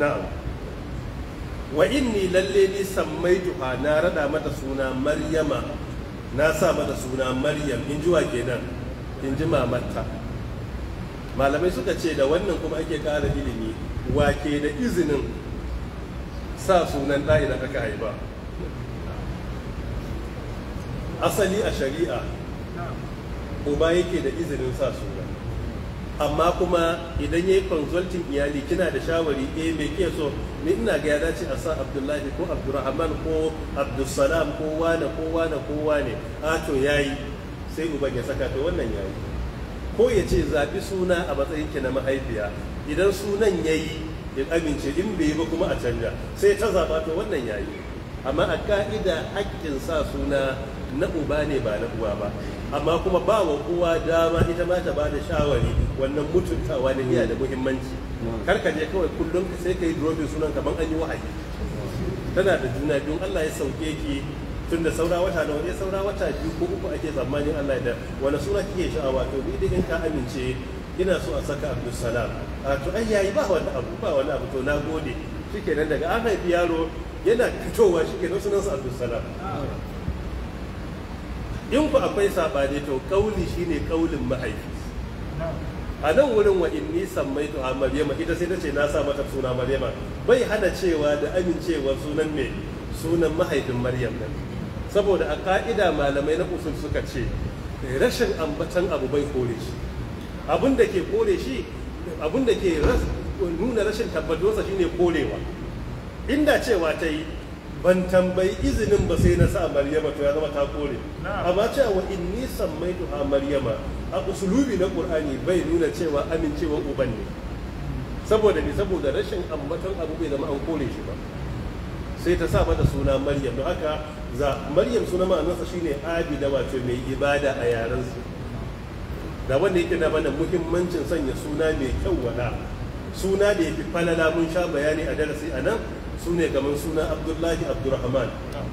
Speaker 1: na'am wa inni lalle ni sammaituha na rada mata suna maryama na sa mata suna maryam in ji wa kenan in ji mamarta malamai suka ce da wannan kuma ake ƙara ilimi wake da izinin sa sunan ɗa idan aka haifa asali a shari'a uba yake da izinin sa su amma kuma idan ya yi consulting iyali kina da shawari eh mai ke so ni ina ga ya dace a sa abdullahi ko abdurrahman ko abdussalam ko wane ko wane ko wane a to yi. sai uban ya saka to wannan ya yi ko ya ce zafi suna a matsayin ki na mahaifiya idan sunan ya yi ya amince in bai yi ba kuma a canja sai ta zaba to wannan ya yi amma a ka'ida haƙƙin sa suna na uba ne ba na uwa ba amma kuma ba wa kowa dama ita ma ta ba da shawari wannan mutuntawa ne yana da muhimmanci kar ka je kawai kullum sai ka yi drobin sunan kaman an yi wahayi tana da juna biyun Allah ya sauke ki tunda saura wata da wani saura wata biyu ko uku ake tsammanin Allah da wani sura kike sha'awa to ni da in ka amince ina so a saka Abdulsalam Salam a to ai yayi ba wani abu ba wani abu to na gode shikenan daga an haifi yaro yana fitowa shikenan sunansa Abdul Salam in ku akwai saɓani to kauli shine kaulin mahaifi a nan wurin wa inni sammai to maryama ita sai ta ce na sa mata suna maryama bai hana cewa da amincewa sunan me sunan mahaifin maryam nan saboda a ka'ida malamai na usul suka ce rashin ambatan abu bai kore shi abin da ke kore shi abin da ke nuna rashin tabbatuwarsa shine korewa inda cewa ta yi ban tambayi izinin ba sai na sa maryama to ya zama ta kore amma cewa inni sammaitu ha maryama a usulubi na qur'ani bai nuna cewa amincewa uban ne saboda ne saboda rashin ambaton abu bai zama an kore shi ba sai ta sa mata suna maryam don haka za maryam suna ma'anarsa shine abida wato mai ibada a yarensu. su da wanda yake na bana muhimmancin sanya suna mai kyau wala. suna da ya fi falala mun sha bayani a darasi a nan su ne gaman sunan abdullahi abdurrahman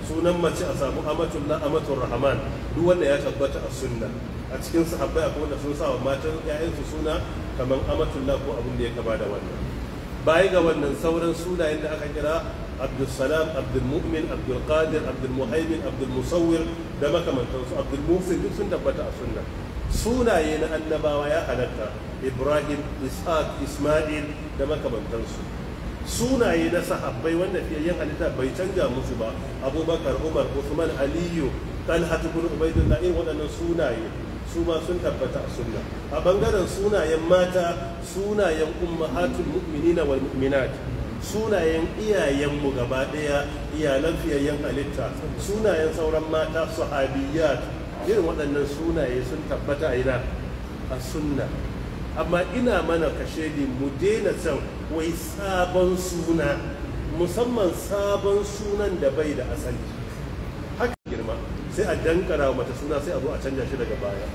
Speaker 1: sunan mace a samu Amatullah na amatun rahman duk wanda ya tabbata a sunna a cikin sahabbai akwai wanda sun sawa matan ƴaƴansu suna kamar Amatullah ko abin da ya kama da wannan baya ga wannan sauran sunayen da aka kira abdulsalam abdulmu'min abdulqadir abdulmuhaimin abdulmusawwir da makamantansu abdulmusin duk sun tabbata a sunna sunaye na annabawa ya halatta ibrahim ishaq isma'il da makamantansu sunaye na sahabbai wanda fiyayyen halitta bai canja musu ba abubakar umar usman aliyu talhat ibn na irin waɗannan sunaye su ma sun tabbata a sunna a bangaren sunayen mata sunayen ummahatul mu'minina wal mu'minat sunayen iyayenmu gaba ɗaya iyalan fiyayyen halitta sunayen sauran mata sahabiyyat irin waɗannan sunaye sun tabbata a ina a sunna amma ina mana kashedi mu daina san wai sabon suna musamman sabon sunan da bai da asali haka girma sai a dankara mata suna sai a zo a canja shi daga baya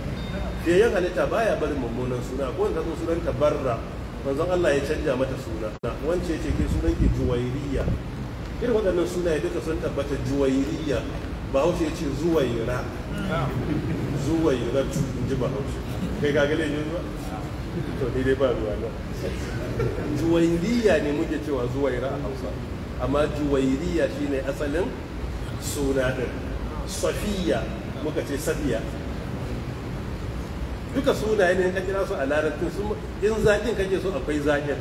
Speaker 1: yin halitta baya barin mummunan suna ko ta zo sunan barra manzon Allah ya canja mata suna wance ce ke sunan ki juwairiya irin waɗannan ya duka sun tabbata juwairiya bahaushe ce zuwaira zuwaira tu in ji bahaushe kai gagale ne ba to ni dai ba ruwa na juwairiya ne muke cewa zuwaira a hausa amma juwairiya shine asalin suna din safiya muka ce safiya duka sunaye ne ka kira su a larabcin sun in zaƙin kake so akwai zaƙin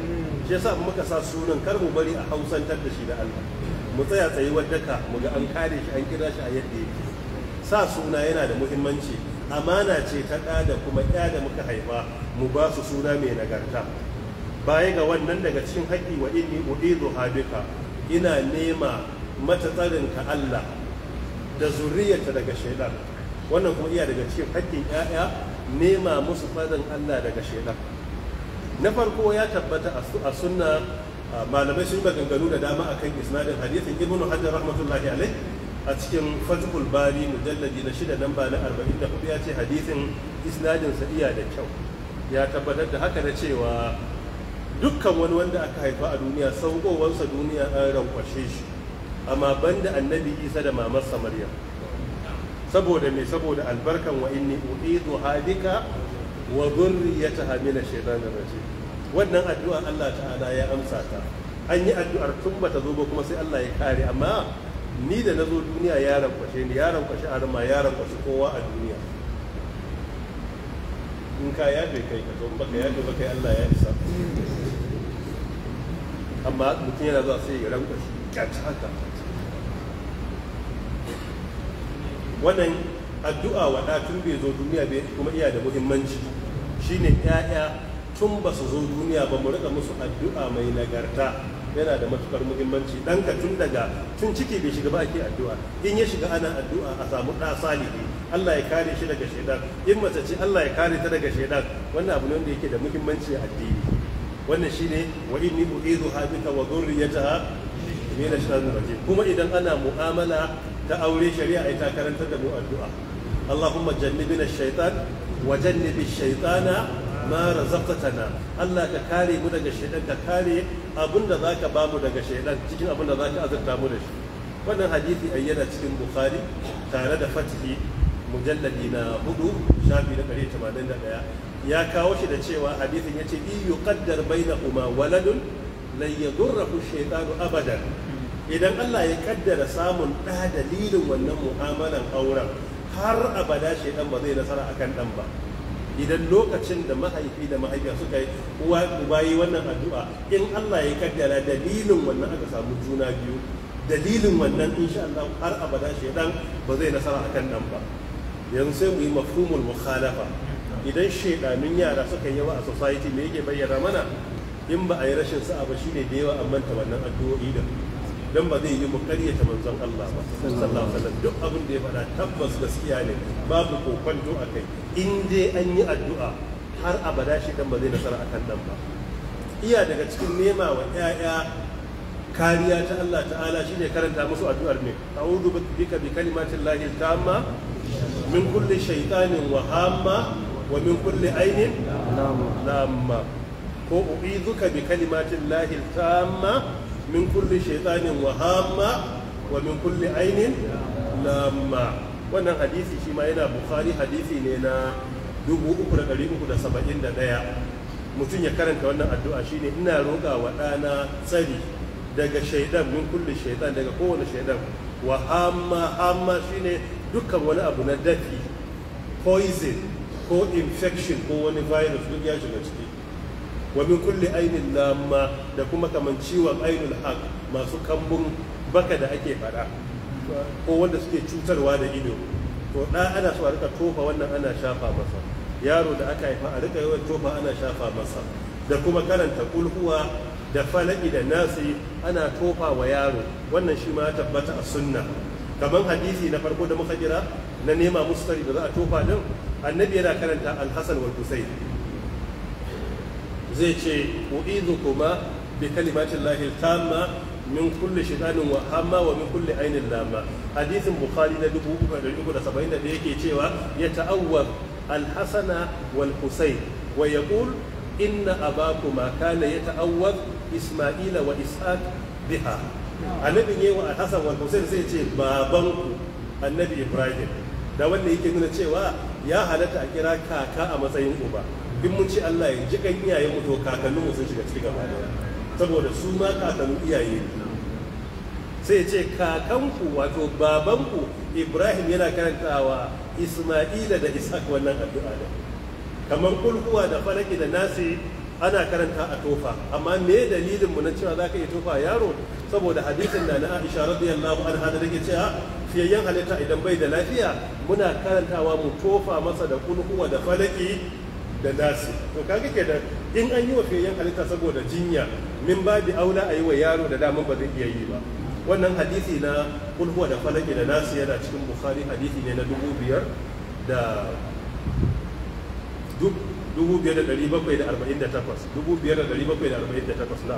Speaker 1: shi yasa muka sa sunan kar mu bari a hausantar da shi da Allah mu tsaya tsayi ka, mu ga an kare shi an kira shi a yadda yake sa suna yana da muhimmanci amana ce ta ɗa da kuma ɗada da muka haifa mu ba su suna mai nagarta baya ga wannan daga cikin haƙi wa inni uidu habika ina nema mata tsarin ka Allah da zuriyarta daga shaidar wannan kuma iya daga cikin haƙƙin ƴaƴa nema musu farin Allah daga shaidar. na farko ya tabbata a sunna malamai sun maganganu da dama akan isnadin hadithin ibnu hajar rahmatullahi alai a cikin fatihul bari mujalladi na shida nan ba na arba'in da hudu ya ce hadithin isnadinsa iya da kyau ya tabbatar da haka da cewa dukkan wani wanda aka haifa a duniya saukowarsa duniya an rankwashe shi amma banda annabi isa da mamar samariya. saboda mai saboda albarkan wa inni uidu hadika wa dhurriyataha min ash da rajim wannan addu'a Allah ta'ala ya amsa ta an yi addu'ar tun bata zo ba kuma sai Allah ya kare amma ni da nazo duniya ya rankwashe ni ya rankwashe arma ya rankwashe kowa a duniya in ka yafe kai ka zo baka yafe baka Allah ya isa amma mutum yana zuwa sai ya ranka shi ci haka wannan addu'a wa ɗa tun bai zo duniya bai kuma iya da muhimmanci shine 'ya'ya tun ba su zo duniya ba mu rika musu addu'a mai nagarta yana da matukar muhimmanci ka tun daga tun ciki bai shiga ba ake addu'a in ya shiga ana addu'a a samu ɗa salihi Allah ya kare shi daga shaidan in mace ce Allah ya kare ta daga shaidan wannan abu ne wanda yake da muhimmanci a addini wannan shine wa inni u'izuha bika wa dhurriyyataha min ash-shaytanir rajim kuma idan ana mu'amala ta aure shari'a ita karanta da mu addu'a Allahumma jannibina ash-shaytan wa jannibi ash-shaytana ma razaqtana Allah ka kare mu daga shaytan ka kare abinda zaka ba mu daga shaytan cikin abinda zaka azurta mu da shi wannan hadisi ayyana cikin bukhari tare da fatihi mujalladi na hudu shafi na 181 ya kawo shi da cewa hadisin yace in yuqaddar bainahuma waladun lan yadurruhu shaytanu abadan idan Allah ya kaddara samun ɗa dalilin wannan mu'amalan auren har abada shaidan ba zai nasara akan ɗan ba idan lokacin da mahaifi da mahaifiya suka yi uwa uba yi wannan addu'a in Allah ya kaddara dalilin wannan aka samu juna biyu dalilin wannan insha Allah har abada shaidan ba zai nasara akan ɗan ba yanzu sai mu yi mafhumul mukhalafa idan shaidanun yara suka yi yawa a society me yake bayyana mana in ba a yi rashin sa'a ba shine da yawa an manta wannan addu'o'i da dan ba zai yi mu karyata manzon Allah ba sallallahu alaihi wasallam duk abin da ya faɗa tabbas gaskiya ne babu kokonto a kai in dai an yi addu'a har abada shi dan ba zai nasara akan dan ba iya daga cikin nema wa ƴaƴa kariya ta Allah ta'ala shine karanta musu addu'ar ne a'udhu bika bi kalimatin lahi tamma min kulli shaytanin wa wa min kulli ainin lamma ko u'izuka bi kalimatin lahi tamma min kulli shaytanin wa hamma wa min kulli ainin lamma wannan hadisi shi ma yana bukhari hadisi ne na 3371 mutum ya karanta wannan addu'a shine ina roƙa wa ɗana tsari daga shaidan min kulle shaidan daga kowane shaidan wa hamma hamma shine dukkan wani abu na dafi poison ko infection ko wani virus duk ya shiga ciki wa kulle kulli ainin lamma da kuma kaman ciwon ainul haq masu kambun baka da ake faɗa. ko wanda suke cutarwa da ido to da ana so a rika tofa wannan ana shafa masa yaro da aka haifa a rika yawan tofa ana shafa masa da kuma karanta kulhuwa da falaki da nasi ana tofa wa yaro wannan shi ma tabbata a sunna kamar hadisi na farko da muka jira na nema mustari da za a tofa din annabi yana karanta alhassan wal zai ce u'idhukuma bi kalimatin lahi tamma min kulli shaytanin wa hamma wa min kulli ainin lama hadisin bukhari na 1371 da yake cewa ya ta'awwab alhasana wal husayn wa yaqul inna abakuma kana yata'awwab isma'ila wa is'aq biha annabin yayi wa Alhassan wal zai ce babanku annabi ibrahim da wanda yake nuna cewa ya halatta a kira kaka a matsayin uba in mun ci Allah ya ji kan iyaye mu to kakanninmu sun shiga cikin gaba daya saboda su ma kakannin iyaye sai ce kakanku wato babanku Ibrahim yana karantawa Isma'ila da Ishaq wannan addu'a da kamar kulkuwa da falaki da nasi ana karanta a tofa amma me dalilin mu na cewa zaka yi tofa yaro saboda hadisin da na Aisha radiyallahu anha da take cewa fiyayyen halitta idan bai da lafiya muna karantawa mu tofa masa da kulhuwa da falaki da nasi to ke da in an yi wa fiyayyen halitta saboda jinya min babi aula a yi wa yaro da daman ba zai iya yi ba wannan hadisi na kulhuwa da falaki da nasi yana cikin bukhari hadisi ne na dubu biyar da dubu biyar da ɗari bakwai da arba'in da takwas dubu biyar da ɗari bakwai da arba'in da takwas na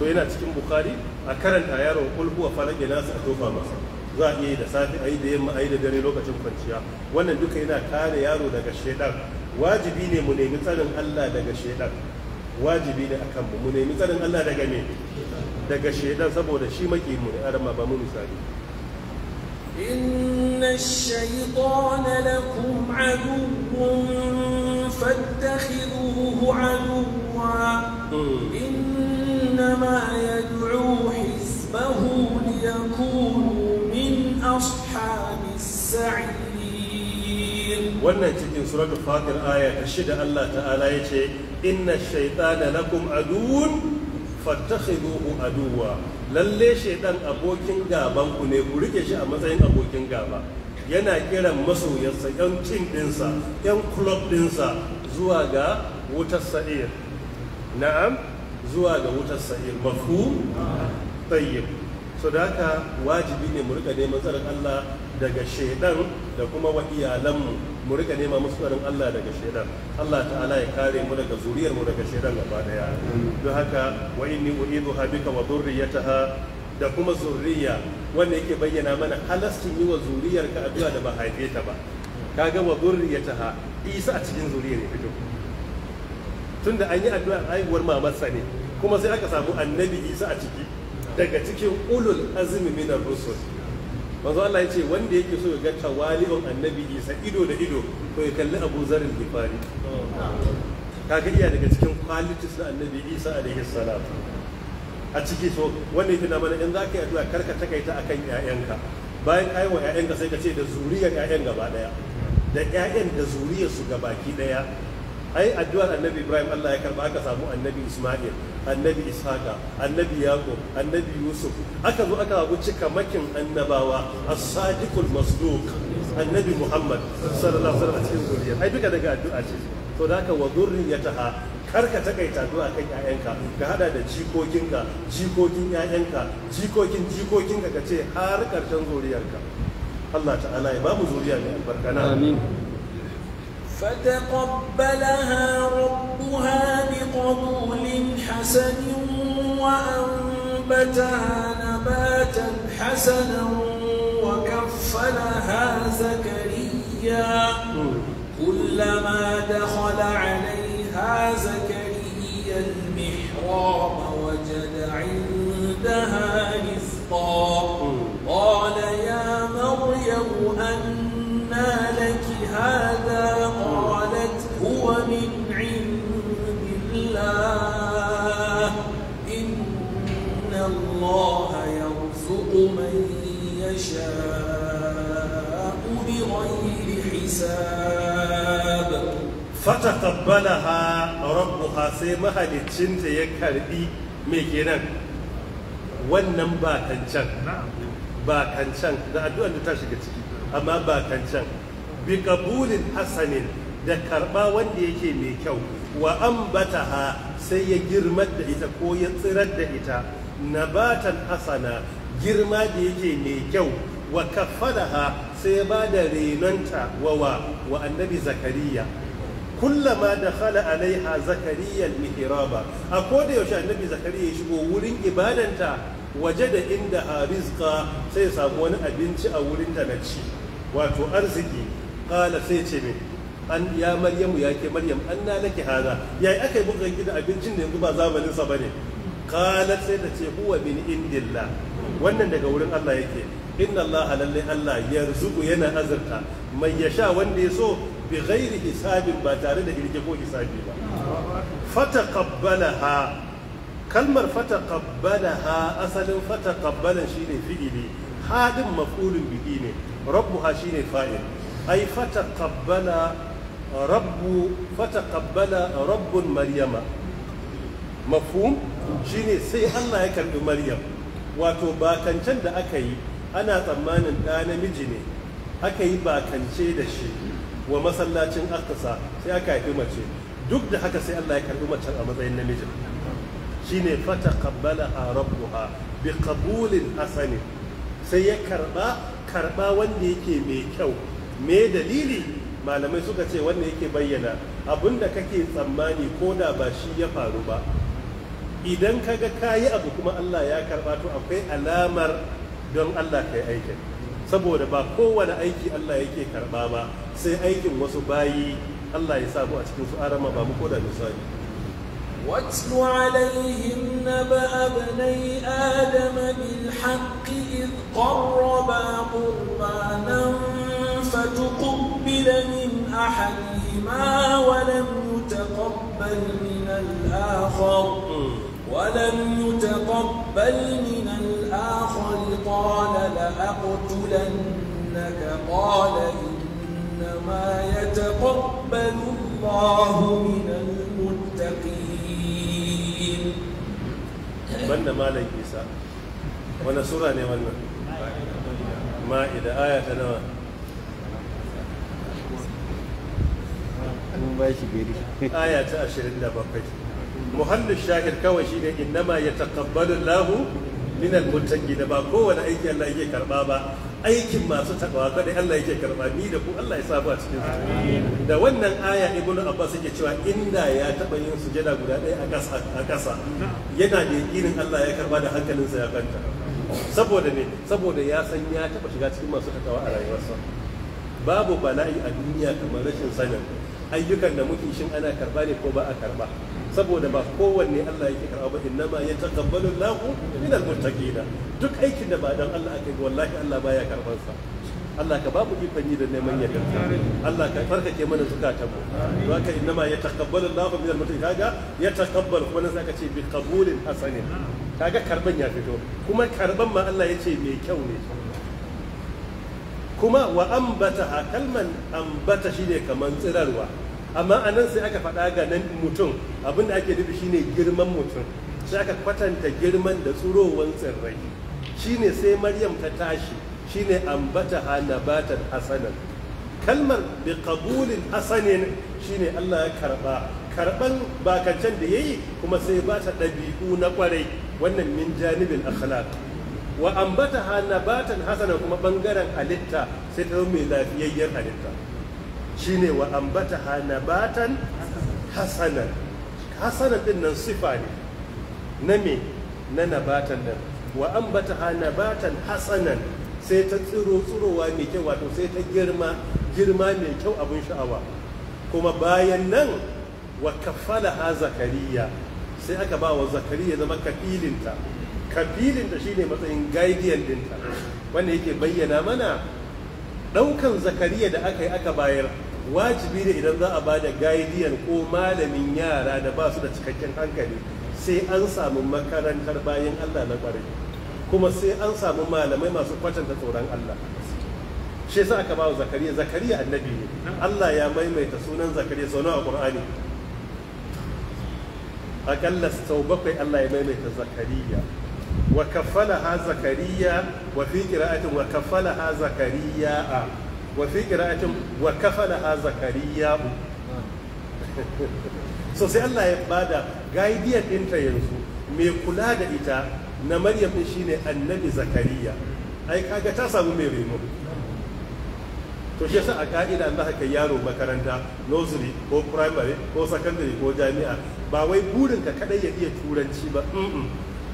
Speaker 1: so yana cikin bukhari a karanta yaron kulhuwa falaki nasi a tofa masa za a iya yi da safe a yi da yamma a yi da dare lokacin kwanciya wannan duka yana kare yaro daga shaidan wajibi ne mu nemi tsarin Allah daga shaidan wajibi ne akan mu mu nemi tsarin Allah daga me daga shaidan saboda shi maki mu ne arama ba mu misali
Speaker 3: inna ash-shaytana
Speaker 1: wannan cikin suratul fatir aya ta shida Allah ta'ala ya ce inna shaytana lakum aduun fattakhiduhu aduwa lalle shaytan abokin gaban ku ne ku rike shi a matsayin abokin gaba yana kiran masoyarsa yan cin dinsa yan club dinsa zuwa ga wutar sa'ir na'am zuwa ga wutar sa'ir mafhum tayyib so da wajibi ne mu rika neman tsarin Allah daga shaidan da kuma wa iyalanmu mu rika nema musu Allah daga shaidan Allah ta'ala ya kare mu daga zuriyar mu daga shaidan gaba daya don haka wa inni u'idhuha bika wa dhurriyyataha da kuma zurriya wanda yake bayyana mana halastin yi wa zuriyar ka addu'a da ba haife ta ba kaga wa dhurriyyataha Isa a cikin zuriyar ya fito tunda an yi addu'a haihuwar mamarsa ne kuma sai aka samu annabi Isa a ciki daga cikin ulul azmi minar rusul manzo Allah ya ce wanda yake so ya ga tawali'un annabi Isa ido da ido ko ya kalli Abu Zar al-Ghifari kaga iya daga cikin qualities na annabi Isa alaihi salam a ciki so wanda yake na mana in za ka yi addu'a karka takaita akan ƴaƴanka bayan ka yi wa ƴaƴanka sai ka ce da zuriyar ƴaƴan gaba daya da ƴaƴan da zuriyar su ki daya ai addu'ar annabi ibrahim allah ya karba aka samu annabi isma'il annabi ishaqa annabi yaqub annabi yusuf aka zo aka hagu cika makin annabawa as-sadiqul masduq annabi muhammad sallallahu alaihi wasallam cikin zuriya ai duka daga addu'a ce to da haka wa zurriyataha karka takaita addu'a kan 'ya'yanka, ka hada da jikokinka jikokin yayanka jikokin jikokinka ka ce har karshen zuriyarka Allah ta'ala ya ba mu zuriya mai albarka amin فتقبلها
Speaker 3: ربها بقبول حسن وأنبتها نباتا حسنا وكفلها زكريا كلما دخل عليها زكريا المحراب وجد عندها
Speaker 1: رزقا
Speaker 3: قال يا مريم أنى لك هذا
Speaker 1: يشاء بغير حساب فتقبلها ربها سيما هالتشنت mai ميكينا wannan ba kancan ba kancan da addu'ar da ta shiga ciki amma ba kancan bi kabulin hasanin da karba wanda yake mai kyau wa ambataha sai ya girmar da ita ko ya tsirar da ita nabatan hasana girma da yake mai kyau wa kaffalaha sai ya bada renonta wa wa annabi zakariya kullama da khala alaiha zakariya mihraba a koda yaushe annabi zakariya ya shigo wurin ibadanta waje da inda a rizqa sai ya samu wani abinci a wurin ta ci wato arziki kala sai ce min an ya maryamu ya ke maryam an na laki hada yayi aka yi bukan gida abincin da yanzu ba zamaninsa ba ne? kala sai ta ce huwa min indillah wannan daga wurin Allah yake inna allaha lalle allah yarzuqu yana azurta mai yasha wanda ya so bi ghairi hisabin ba tare da irge ko hisabi ba Fata fataqabbalaha kalmar fata fataqabbalaha asalin fata fataqabbalan shine fi'ili hadin maf'ulun bihi ne rabbuha shine fa'il ay fataqabbala rabbu fataqabbala rabbun maryama mafhum shine sai Allah ya karbi maryam wato ba bakancan da aka yi ana tsammanin ɗa namiji ne aka yi bakance da shi wa masallacin akasa sai aka haifi mace duk da haka sai Allah ya karɓi mace a matsayin namijin shine fata qabbala rabbuha bi qabulin hasani sai ya karɓa karba wanda yake mai kyau me dalili malamai suka ce wanda yake bayyana abinda kake tsammani ko da ba shi ya faru ba idan kaga kayi abu kuma Allah ya karɓa to akwai alamar don Allah yi aikin saboda ba kowane aiki Allah yake karba ba sai aikin wasu bayi Allah ya samu a cikin su arama ba mu ko da misali
Speaker 3: واتل عليهم نبأ ابني آدم بالحق إذ قربا قربانا فتقبل من أحدهما ولم يتقبل من الآخر ولم يتقبل من الآخر قال لأقتلنك قال إنما يتقبل الله
Speaker 1: من المتقين بند مالك إيسا وانا سورة نيوانا ما إذا آية نوى آية 27 muhallu shahir kawai shine innama yataqabbalu Allahu min al da ba kowane aiki Allah yake karba ba aikin masu takawa kada Allah yake karba ni da ku Allah ya sa cikin su da wannan aya ibnu abbas yake cewa inda ya taba yin sujada guda ɗaya a kasa a kasa yana da yakinin Allah ya karba da hankalinsa ya kanta saboda ne saboda ya san ya taba shiga cikin masu takawa a rayuwarsa babu bala'i a duniya kamar rashin sanin ayyukan da muke shin ana karba ne ko ba a karba saboda ba kowanne Allah yake karɓa ba inna ma yataqabbalu Allahu min almuttaqina duk aikin da ba dan Allah aka wallahi Allah baya karɓar sa Allah ka babu ikon yi da neman yadda Allah ka farkake mana zukatan mu don haka inna ma yataqabbalu Allahu min almuttaqina kaga yataqabbal kuma nan sai ka ce bi qabulin hasanin kaga karban ya fito kuma karban ma Allah yace mai kyau ne kuma wa ambata kalman ambata shine kaman tsirarwa amma a nan sai aka faɗa ga nan mutum abinda da ake nufi shine girman mutum sai aka kwatanta girman da tsurowar tsirrai shine sai maryam ta tashi shine ambata nabatan hasanan kalmar bi qabulin hasanin shine Allah ya karba karban bakancan da yayi kuma sai ba ta ɗabi'u na kwarai wannan min janibin akhlaq wa ambata nabatan hasanan kuma ɓangaren halitta sai ta zo mai lafiyayyar halitta shine wa ambata hanabatan hasanan hasanan din nan sifa ne na me na nabatan nan wa ambata hanabatan hasanan sai ta tsiro tsirowa mai kyau wato sai ta girma girma mai kyau abin sha'awa kuma bayan nan wa kafala ha zakariya sai aka ba wa zakariya zama kafilinta kafilinta shine matsayin gaidiyan dinta wanda yake bayyana mana ɗaukan zakariya da aka yi aka bayar wajibi ne idan za a ba da gaidiyan ko malamin yara da ba su da cikakken hankali sai an samu makarantar bayan Allah na kwarai kuma sai an samu malamai masu kwatanta tsoron Allah shi yasa aka wa zakariya zakariya annabi ne Allah ya maimaita sunan zakariya sau nawa qur'ani akalla sau bakwai Allah ya maimaita zakariya wa ha zakariya wa fi qira'atin wa ha zakariya a. wa fi a wa kafalaha zakariya so sai Allah ya bada gaidiyar ɗinta yanzu mai kula da ita na Maryam in shine annabi zakariya ai kaga ta samu mai remo. to shi yasa a ka'ida an haka kai yaro makaranta nursery ko primary ko secondary ko jami'a ba wai burinka kadai ya iya turanci ba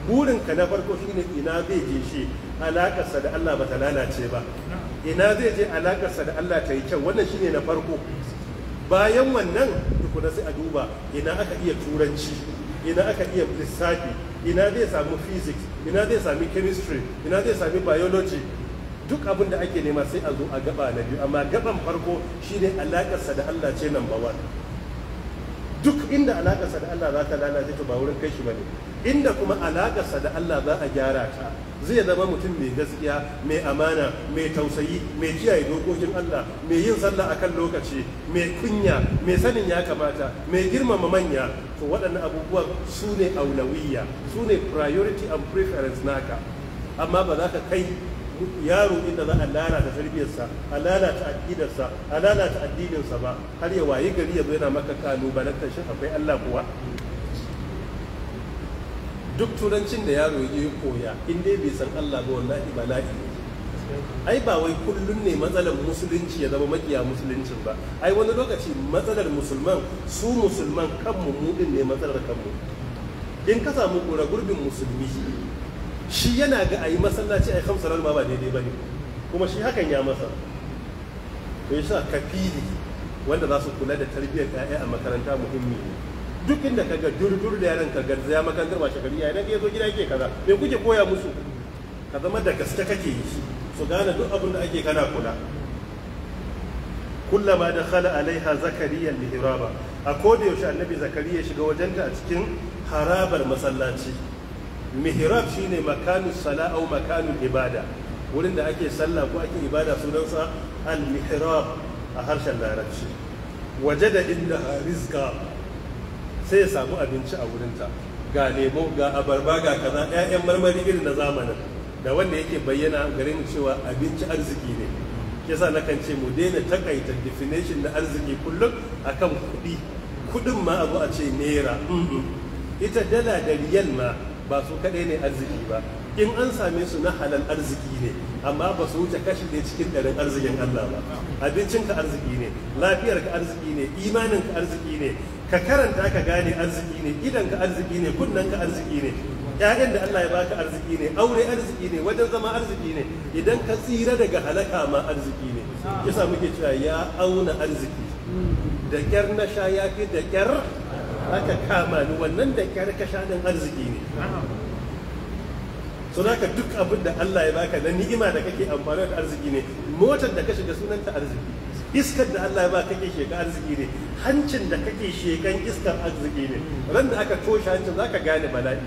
Speaker 1: burinka na farko shine ina zai je shi alakarsa da Allah ba ta lalace ba ina zai je alakarsa da Allah ta yi kyau wannan shine na farko bayan wannan tukuna sai a duba ina aka iya turanci ina aka iya lissafi ina zai sami physics ina zai sami chemistry ina zai sami biology duk abin da ake nema sai a zo a gaba na biyu amma gaban farko shine alakarsa da Allah ce number one duk inda alakarsa da Allah za ta lalace to ba wurin kai shi bane inda kuma alakarsa da Allah za a gyara ta zai zama mutum mai gaskiya mai amana mai tausayi mai kiyaye dokokin Allah mai yin sallah akan lokaci mai kunya mai sanin ya kamata mai girmama manya to waɗannan abubuwan su ne aulawiyya su ne priority and preference naka amma ba za ka kai yaro inda za a lalata tarbiyyarsa a lalata aƙidarsa a lalata addininsa ba har ya waye gari ya zo yana maka kalubalantar shi akwai Allah kuwa duk turancin da yaro ya koya in dai bai san Allah ba wallahi bala'i ne ai ba wai kullum ne matsalar musulunci ya zama makiya musuluncin ba ai wani lokaci matsalar musulman su musulman kanmu mu din ne matsalar kanmu in ka samu kura gurbin musulmi shi yana ga ayi masallaci ai kamsarar ma ba daidai bane kuma shi hakan ya masa to yasa kafili wanda za su kula da tarbiyyar 'ya'ya a makaranta muhimmi duk inda ka ga durdur da yaran ka garzaya makantar ba shekaru yayin da zo gida yake kaza me kuke koya musu ka zama da gaske kake yi su gane duk abin da ake kana kula kullama da khala alaiha zakariya mihraba a koda yaushe annabi zakariya shiga wajenta a cikin harabar masallaci mihrab shine makanu sala au makanu ibada wurin da ake sallah ko ake ibada sunansa al mihrab a harshen larabci waje da inda rizqa sai ya samu abinci a wurinta ga lemo ga abarba ga kaza 'ya'yan marmari irin na zamanin da wanda yake bayyana gare cewa abinci arziki ne yasa na kan ce mu daina takaita definition na arziki kullum a kan kuɗi kuɗin ma abu a ce naira ita dala da riyal ma ba su kaɗai ne arziki ba in an same su na halal arziki ne amma ba su wuce kashi ne cikin ɗarin arzikin Allah ba abincinka arziki ne lafiyarka arziki ne imaninka arziki ne ka karanta ka gane arziki ne gidanka arziki ne kunnanka arziki ne ƴaƴan da Allah ya baka arziki ne aure arziki ne wajen zama arziki ne idan ka tsira daga halaka ma arziki ne yasa muke cewa ya auna arziki da ƙyar na sha ya fi da ƙyar aka kama ni wannan da ƙyar ka sha arziki ne to haka duk abin da Allah ya baka na ni'ima da kake amfani da arziki ne motar da ka shiga sunanta arziki iskar da Allah ya baka kake shiga arziki ne hancin da kake shekan iskar arziki ne ran da aka toshe hancin zaka gane bala'i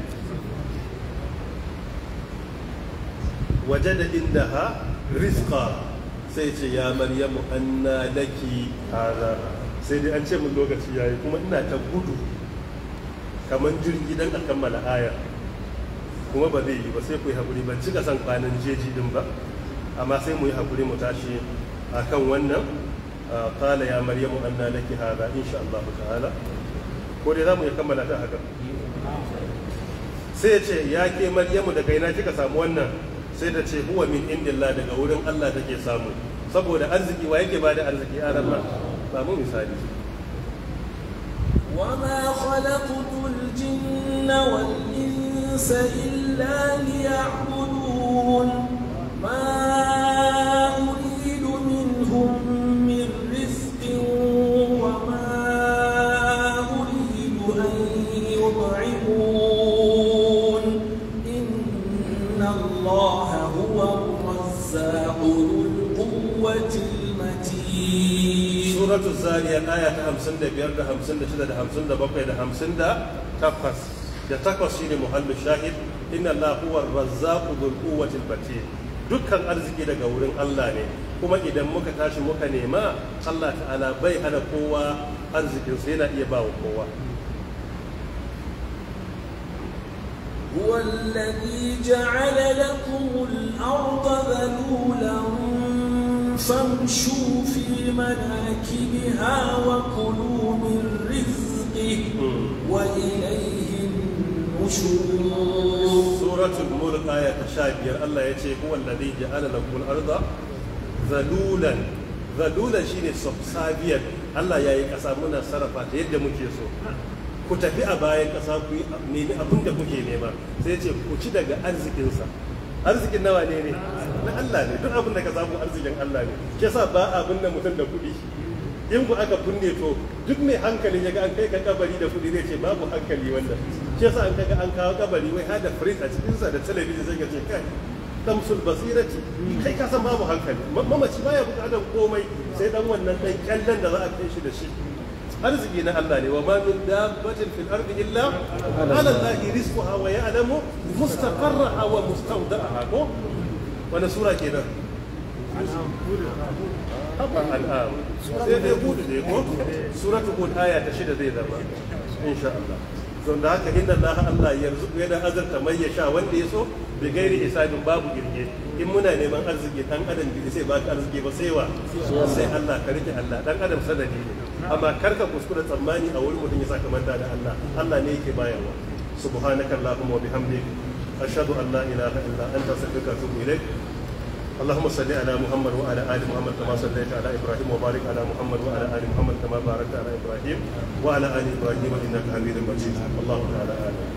Speaker 1: wajada indaha rizqa sai ce ya maryamu anna laki hada sai dai an ce mun lokaci yayi kuma ina ta gudu kamar jirgi dan a kammala ayar kuma ba zai yi ba sai ku yi haƙuri ba cika san kwanan jeji din ba amma sai mu yi haƙuri mu tashi a kan wannan kala ya maryamu anna laki hada insha Allah ta'ala ko dai za mu iya kammala ta haka sai ya ce ya ke maryamu daga ina kika samu wannan sai ta ce huwa min indillah daga wurin Allah take samu saboda arziki wa yake bada arziki a Allah ba mu misali
Speaker 3: وما خلقت الجن والإنس الإنس إلا ليعبدون ما أريد منهم من رزق وما أريد أن يطعمون إن
Speaker 1: الله هو الرزاق ذو القوة المتين سورة الزاريات آية 55 da 56 da 57 da 58 da da takwas shine muhallin shahid inna Allah huwa razzaqu dhul quwwati al-matin dukkan arziki daga wurin Allah ne kuma idan muka tashi muka nema Allah ta'ala bai hana kowa arzikin sa yana iya ba wa kowa هو الذي
Speaker 3: جعل لكم الأرض ذلولا فامشوا في مناكبها وكلوا من
Speaker 1: رزقه وإليه خشوع سورة الملك آية تشابير الله يتي هو الذي جعل لكم الأرض ذلولا ذلولا yadda muke so يا يكسا منا ku tafi a bayan ƙasa ku nemi abin da kuke nema sai ce ku ci daga arzikinsa arzikin nawa ne ne na Allah ne duk abin da ka samu arzikin Allah ne ke sa ba abin da mutum da kuɗi in ku aka kunne to duk mai hankali ya ga an kai ka kabari da kuɗi zai ce babu hankali wanda shi yasa an kaga an kawo kabari wai hada fridge a cikin sa da talabijin zai ce kai damsul basirati kai ka san babu hankali mamaci baya bukatar komai sai dan wannan dan kyallan da za a kai shi da shi arziki na Allah ne wa ma min dabbatin fil ardi illa ala allahi rizquha wa ya'lamu mustaqarraha wa mustawda'aha ko wannan sura kenan sai dai gudu ne ko suratu hud aya ta shida zai zama insha Allah don da haka inna Allah Allah yanzu yana azarta mai ya sha wanda ya so bi gairi isabin babu girge in muna neman arziki dan adam bi sai baka arziki ba sai wa sai Allah ka rike Allah dan adam sanadi ne amma karka kuskura tsammani a wurin mutum ya saka manta da Allah Allah ne yake bayarwa subhanakallahumma wa bihamdika ashhadu an la ilaha illa anta astaghfiruka wa atubu ilaik اللهم صل على محمد وعلى ال محمد كما صليت على ابراهيم وبارك على محمد وعلى ال محمد كما باركت على ابراهيم وعلى ال ابراهيم انك حميد مجيد الله تعالى اعلم